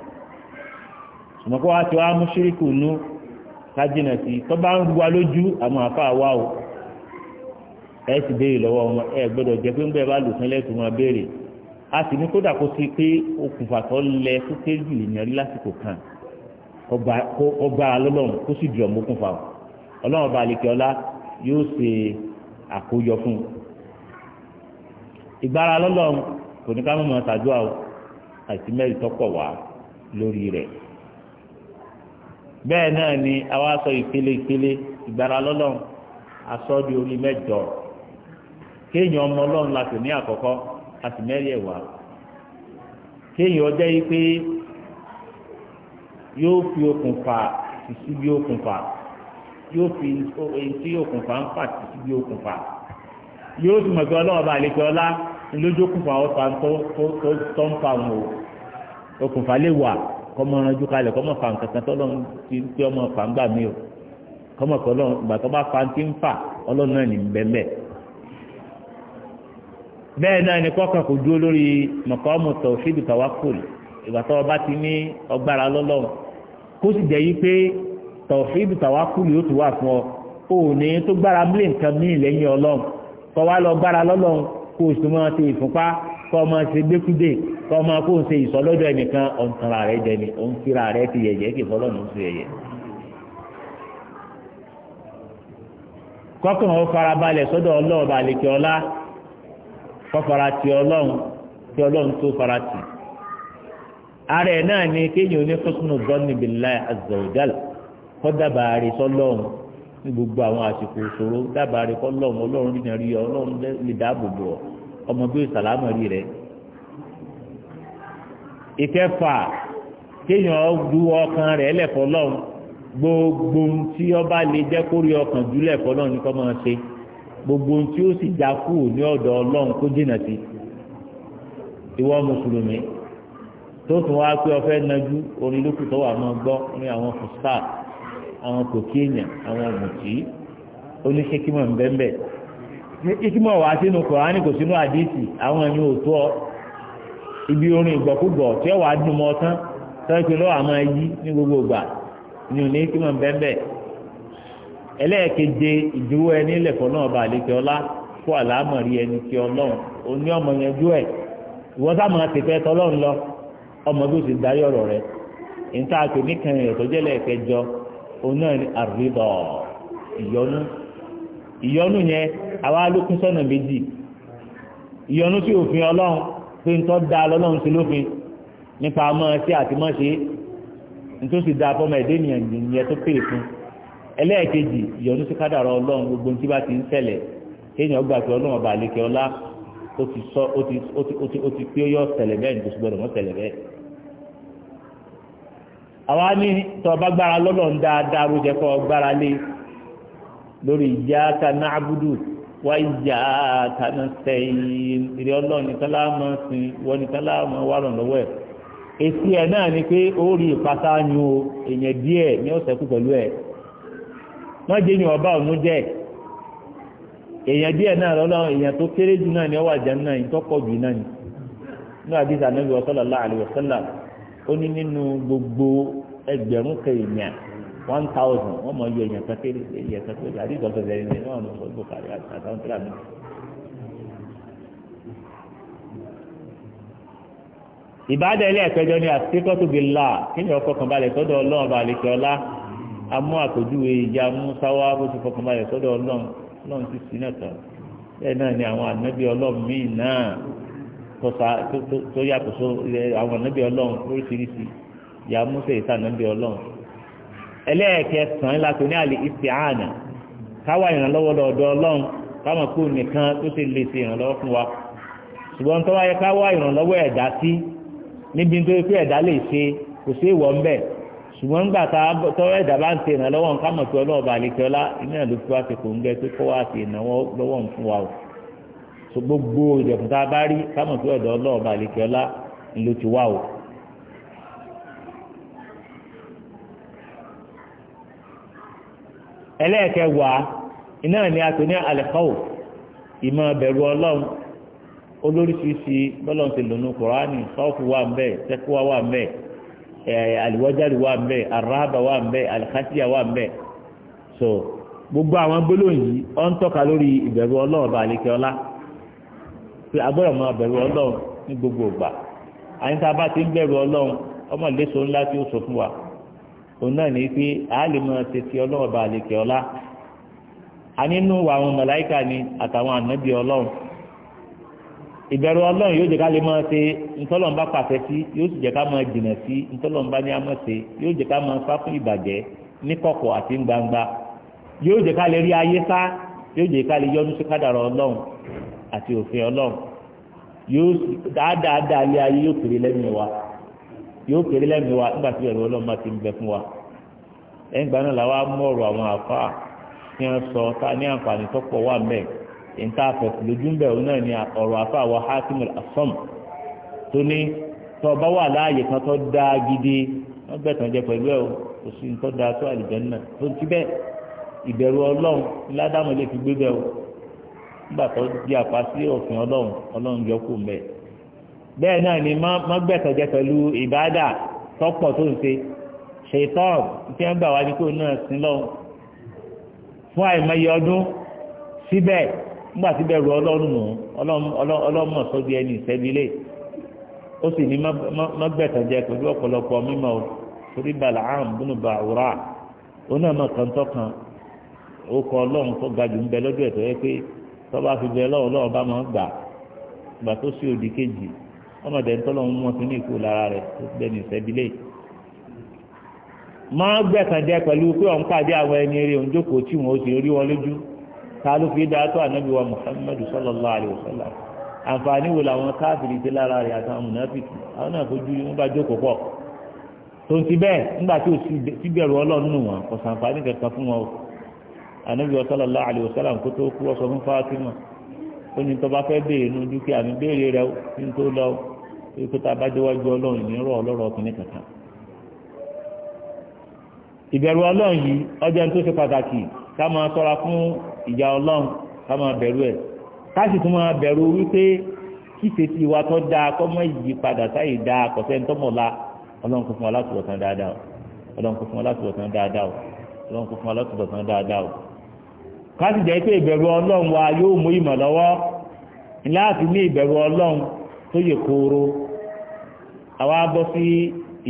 ṣùgbọ́n kó wá ti wá mú ṣíríkù nú kájínà sí tó bá ń wa lójú àwọn àfa wa o ẹ sì béèrè lọ́wọ́ wọn ẹ gbọ́dọ̀ jẹ́ pé ń bẹ́ẹ̀ bá lò fún ẹlẹ́tùmọ̀ béèrè a sì ní kódà kó ti pé okùnfà tó lẹ tó ké jù lè yẹn rí lásìkò kan ọgbà lọ́lọ́run kó sì dùn ọmọ o ọlọ́run ọba àlekè ọlá yóò ṣe àkójọ fún un ìgbára lọ́lọ́run kò ní ká mọ̀ mọ́ ṣàdúrà o àti mẹ́rin tọ́pọ̀ wá lórí rẹ̀ bẹ́ẹ̀ náà ni àwa sọ ìpele ìpele ìgbára lọ́lọ́run asọ́jú orí mẹ́jọ kéèyàn ọmọ ọlọ́run la sì ní àkọ́kọ́ àti mẹ́rin ẹ̀wà kéèyàn ọjọ́ yìí pé yóò fi okùnfà tìṣú bí okùnfà yóò fi èyí okùnfà ń fà tìṣú bí okùnfà yóò sì mọ̀ àlejò ọlá lójú okùnfà tó ń fa o okùnfà lè wà kọ́mọ ọ̀rànjú kalẹ̀ kọ́mọ fa ń gbà o kọ́mọ gbà tó bá fa ti ń fà bẹ́ẹ̀ náà ni kò dúró lórí mọ̀kọ́mù tọ̀síìdù tàwákùl ìgbà tó ọba ti ní ọgbára lọ́lọ́run kó sì jẹ́ yìí pé tọ̀síìdù tàwákùlù yóò ti wà fún ọ o tó gbára mílíọ̀n kan lẹ́yìn ọlọ́run kọ́ wá lọ gbára lọ́lọ́run kó o sì ṣe ìfúnpá kọ́ ṣe gbẹ́kúdé kọ́ kó o ṣe ìsọlọ́dọ̀ ẹnìkan fọ́farati ọlọ́run tí ọlọ́run tó farati ara ẹ̀ náà ni kéèyàn ní husnul zanni billahi azza wa jalla kọ́ dábàá rí sọ́lọ́run ní gbogbo àwọn àsìkò ìṣòro dábàá rí kọ́lọ́run ọlọ́run rí yẹn rí ọ ọlọ́run lè dáàbò bò ọ ọmọ bíi sàlámù rí rẹ. ìkẹfà kéèyàn du ọkàn rẹ̀ lẹ̀kọ́ gbogbo tí ọba lè jẹ́ kórè ọkàn jùlẹ̀ kọ́ lọ́run kọ́ máa ṣe gbogbo tí ó sì já kú ní ọ̀dọ̀ ọlọ́run kó jìnà sí ìwọ mùsùlùmí tó tún wá pé ọfẹ́ nájú orin lókù tó wà máa gbọ́ ní àwọn fòsífà àwọn kòkí èèyàn àwọn ọ̀mùtí oníṣẹ́kímọ̀ ńbẹ́ńbẹ́ ìkímọ̀ wá sínú kòránì kò sínú àdìsí àwọn ẹ̀yìn òótọ́ ibi orin ìgbọ̀kúgbọ̀ tí ó wàá dùn mọ́ tán tọ́jú lọ́wọ́ àmọ́ ẹyí ní gbogbo ìgbà ní òní ìkímọ̀ ẹlẹ́ẹ̀keje ìdúró ẹni lẹ̀kọ́ náà bá àlejò ọlá kó àlámọ̀rí ẹni tí ọlọ́run oní ọmọ yẹn jú ẹ̀ ìwọ́n sáà máa tẹ̀fẹ́ tọlọ́run lọ ọmọ bí ó ti darí ọ̀rọ̀ rẹ̀ níta àpè níkan rẹ̀ tó jẹ́lẹ̀ kẹjọ òun náà ni àrídọ̀ ìyọnu ìyọnu yẹn àwa lókun sọ́nà méjì ìyọnu tí òfin ọlọ́run pé ń tọ́ da lọ́lọ́run sí lófin nípa mọ́ ẹ sí àtìmọ́ṣe nítòsí da fọmọ ẹ̀dẹ́ nìyẹn tó pè fún un ẹlẹ́ẹ̀kejì ìyọ̀nú sí kádàrá ọlọ́run gbogbo tí bá ti ń kéèyàn gbà pé ọlọ́run ọba àlekè ọlá ó ti pé yọ bẹ́ẹ̀ nítorí mọ́ bẹ́ẹ̀. wa ọlọ́run nìkan láàmú sin wọ́n nìkan láàmú wà lọ́wọ́ ẹ̀ èsì ẹ̀ náà ni pé ó rí ìpàtà èèyàn díẹ̀ ní ọ̀sẹ̀ kú pẹ̀lú má jẹ́ ní ọba òun jẹ́ èèyàn díẹ̀ náà lọ́lọ́run èèyàn tó kéré jù náà ni ọwọ́ àjẹ́ náà ní tọ́pọ̀ jù náà ni ní àdìsá nàbí sallallahu alaihi wasallam ó ní nínú gbogbo ẹgbẹ̀rún kan èèyàn one thousand wọ́n mọ̀ yọ èèyàn kékeré èèyàn kékeré àdìsá ọ̀sẹ̀ sẹ́yìn ní wọ́n mọ̀ gbogbo kárí àtàwọn tó rà mí. ìbádẹ́ ilé ẹ̀kẹ́jọ ni àtikọ́tù billah kínyìn ọkọ̀ kan balẹ̀ tọ́jú ọlọ́run balẹ̀ kí ọlá amú àpèjúwe ìjà musa wá bó ti fọkàn balẹ̀ sọ́dọ̀ ọlọ́run ọlọ́run ti sí náà tán bẹ́ẹ̀ náà ni àwọn ànábì ọlọ́run míì náà tó yàtọ̀ só àwọn ànábì ọlọ́run lóríṣiríṣi ìjà musa ìta ànábì ọlọ́run ẹlẹ́ẹ̀kẹsàn-án láti ní àlè ìsìáànà káwá ìrànlọ́wọ́ lọ́dọ̀ ọlọ́run káwọn kú nìkan tó ti lè ṣe ìrànlọ́wọ́ fún wa ṣùgbọ́n tó wáyé káwá ìrànlọ́wọ́ ẹ̀dá sí níbi tó pé ẹ̀dá lè ṣe kò sí ìwọ ń bẹ́ẹ̀ ṣùgbọ́n ńgbà tá tọ́wọ́ ẹ̀dá bá ń ṣe ìrànlọ́wọ́ nǹkan mọ̀ ọlọ́ọ̀bà àlekẹ́ọ́lá iná ló fi wá ṣe kò ń gẹ pé kọ́ wá ṣe ìrànwọ́ lọ́wọ́ ń fún wa o so gbogbo ìdẹ̀kùn tá a bá rí kámọ̀ pé ọlọ́ọ̀bà àlekẹ́ọ́lá ló ti wá o. ẹlẹ́ẹ̀kẹwàá iná ni a tó ní àlẹ́kọ́wò ìmọ̀ bẹ̀rù ọlọ́run olóríṣiríṣi bọ́lọ̀ ń ṣe lónú Kùránì Eh, aliwajari wa mbẹ araba wa mbẹ alikasiya wa mbẹ so gbogbo àwọn gbólóhùn yìí ọ ń tọ́ka lórí ìbẹ̀rù ọlọ́run bá àlekè ọlá pé agbọ́dọ̀ máa bẹ̀rù ọlọ́run ní gbogbo ìgbà bá ti ń bẹ̀rù ọlọ́run ọmọ ìléso ńlá tí ó sọ fún wa òun náà ní pé ti bá ìbẹ̀rù ọlọ́run yóò jẹ́ ká lè máa ṣe ntọ́lọ́run pàṣẹ sí yóò sì jẹ́ ká máa jìnà sí ntọ́lọ́run ní àmọ́ yóò jẹ́ ká máa fún ìbàjẹ́ ní kọ̀kọ̀ àti gbangba yóò jẹ́ ká lè rí ayé sá yóò jẹ́ ká lè sí ọlọ́run àti òfin ọlọ́run yóò dáadáa ayé yóò kéré wa wa nígbà tí ìntàfẹ̀sì afọ òun náà ni ọ̀rọ̀ àfàwọ̀ hatimul asom tó ní tó ọba wà láàyè kan tó dáa gidi wọ́n gbẹ̀tàn jẹ pẹ̀lú ẹ̀ kò sí tó da tó àlùjànnà tó ti bẹ́ẹ̀ ìbẹ̀rù ọlọ́run ládàmú lè fi gbé bẹ́ẹ̀ o nígbà tó di àpá sí òfin ọlọ́run ọlọ́run ni má pẹ̀lú tọ́pọ̀ tó ń ṣe ṣètọ́ọ̀ fún nígbà tí bẹ̀rù ọlọ́run nù ọlọ́mọ sọ́jú ẹni ìṣẹ́bílẹ̀ ó sì ní pẹ̀lú ọ̀pọ̀lọpọ̀ mímọ́ o torí Balaam bùnú Bàwúrà oní ọmọ kan ó kọ ọlọ́run tó ga jù ń bẹ lọ́dọ̀ ẹ̀ yẹ pé tọ́ba fi bẹ lọ́wọ́ lọ́wọ́ bá máa gbà gbà tó sí òdì kejì ta ló fi dáa wa muhammad sallallahu amfani wa sallam àǹfààní wo làwọn káfíìrì ti lára na àtàwọn mùnàfíìkì àwọn náà fojú rí bá jókòó tó ń ti bẹ́ẹ̀ nígbà tí o sì bẹ̀rù ọlọ́run nù wọn kò sàǹfààní sallallahu ọsọ fún ó ní tó bá béèrè nu dúkìá mi béèrè rẹ ní tó lọ ikú a bá déwájú ní rọ ká máa tọ́ra fún ìjà ọlọ́run ká máa bẹ̀rù ẹ̀ káàsì tún máa bẹ̀rù wípé kíṣe tí wa tó dáa kọ́ mọ́ ìyí padà sáyè dáa kọ̀sẹ́ ní tọ́mọ̀lá ọlọ́run kò fún wa láti wọ̀sán dáadáa o ọlọ́run kò fún wa láti wọ̀sán dáadáa o ọlọ́run kò fún wa láti wọ̀sán dáadáa o káàsì jẹ́ pé ìbẹ̀rù ọlọ́run wa yóò mú ìmọ̀ lọ́wọ́ láti ní ìbẹ̀rù ọlọ́run tó yẹ kóró àwa bọ́ sí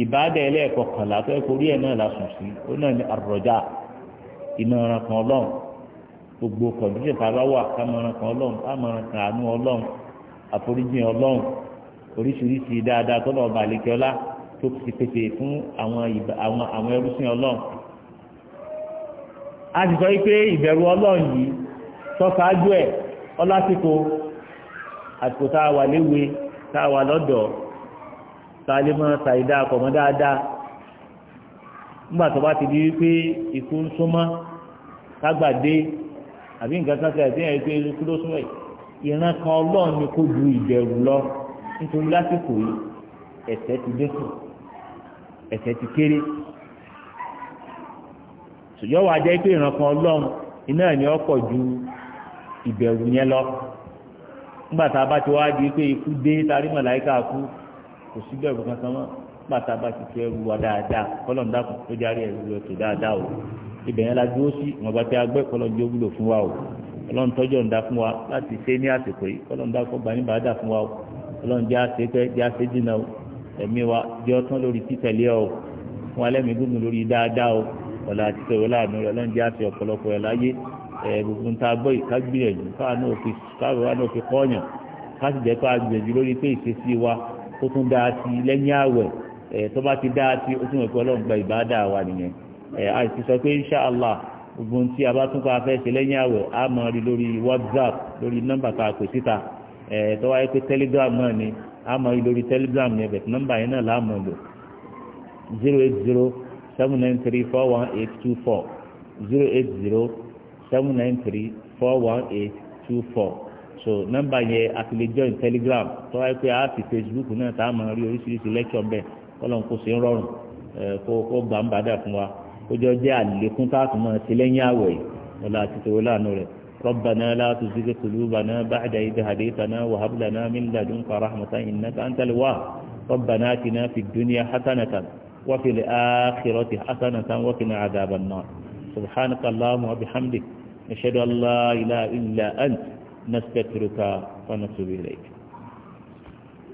ìbádẹ́ ẹlẹ́ẹ̀kọ̀kànlá tó ẹ̀kọ́ ìmọ̀ràn kan ọlọ́run gbogbo kọ̀díṣẹ̀ tá a bá wà kámọ̀ràn kan ọlọ́run kámọ̀ràn kan àánú ọlọ́run àforíjì ọlọ́run oríṣiríṣi dáadáa tó lọ́ọ́ balẹ̀kẹ́ ọlá tó ti pèsè fún àwọn ẹrúsìn ọlọ́run. a ti sọ pé ìbẹ̀rù ọlọ́run yìí sọ́sáájú ẹ̀ ọlásìkò àsìkò tá a wà léwe tá a wà lọ́dọ̀ tá a lè mọ́ ṣàìdá àkọ̀mọ́ dáadáa nígbà tó bá ti di wípé ikú ń súnmọ́ kágbàdé àbí nǹkan kan ṣẹlẹ̀ téèyàn ikú kan ọlọ́run ni kó ju ìbẹ̀rù lọ nítorí lásìkò yìí ti dínkù ẹ̀ṣẹ̀ ti kéré ṣùgbọ́n wàá jẹ́ pé ìran kan ọlọ́run iná ni ó ju ìbẹ̀rù yẹn lọ nígbà tá a bá ti wá di pé ikú dé tarí bàtà bá ti fi ẹrù wa dáadáa kọ́lọ̀ ń dàkùn tó járe ẹrù rẹ̀ tó dáadáa o ibẹ̀ yẹn la dúró sí wọn bá tẹ agbẹ́ kọ́lọ̀ ń jó wúlò fún wa o kọ́lọ̀ ń tọ́jọ́ ń da fún wa láti ṣe ní àsìkò yìí kọ́lọ̀ ń da fún gbani bàá dà fún wa o kọ́lọ̀ ń jẹ́ àṣepẹ́ jẹ́ àṣejìnà o ẹ̀mí wa jẹ́ ọtán lórí títẹ̀lé o fún wa lẹ́mìí lórí dáadáa o ọ̀là àtìkẹ́ wọlé tó bá ti dáa tí ó túnmọ̀ pé ọlọ́run gba ìbáadà wa nìyẹn àìsí sọ pé insha allah tí a bá tún kọ́ afẹ́ ṣe lẹ́yìn àwẹ̀ a mọ̀ rí lórí whatsapp lórí nọ́mbà tá a pè síta tó wáyé pé telegram náà ni a mọ̀ rí lórí telegram yẹn bẹ̀tẹ̀ nọ́mbà yẹn náà là á mọ̀ lò zero eight zero seven nine three four one eight two four zero eight zero seven nine three four one eight two four so nọ́mbà yẹn a ti lè join telegram tó wáyé pé a ti facebook náà tá a mọ̀ rí oríṣiríṣi lẹ́kọ̀ọ́ bẹ́ẹ̀ kọ́lọ́n kò sí rọrùn kó gbàǹbàdà fún wa kó jọ jẹ́ àlékún káàtó mọ́ ti lẹ́yìn àwẹ̀ yìí wọlé àti tòwé láàánú rẹ̀ ربنا لا تزغ قلوبنا بعد إذ هديتنا وهب لنا من لدنك رحمة إنك أنت الوهاب ربنا آتنا في الدنيا حسنة وفي الآخرة حسنة وقنا عذاب النار سبحانك اللهم وبحمدك نشهد أن لا إله إلا أنت نستغفرك ونتوب إليك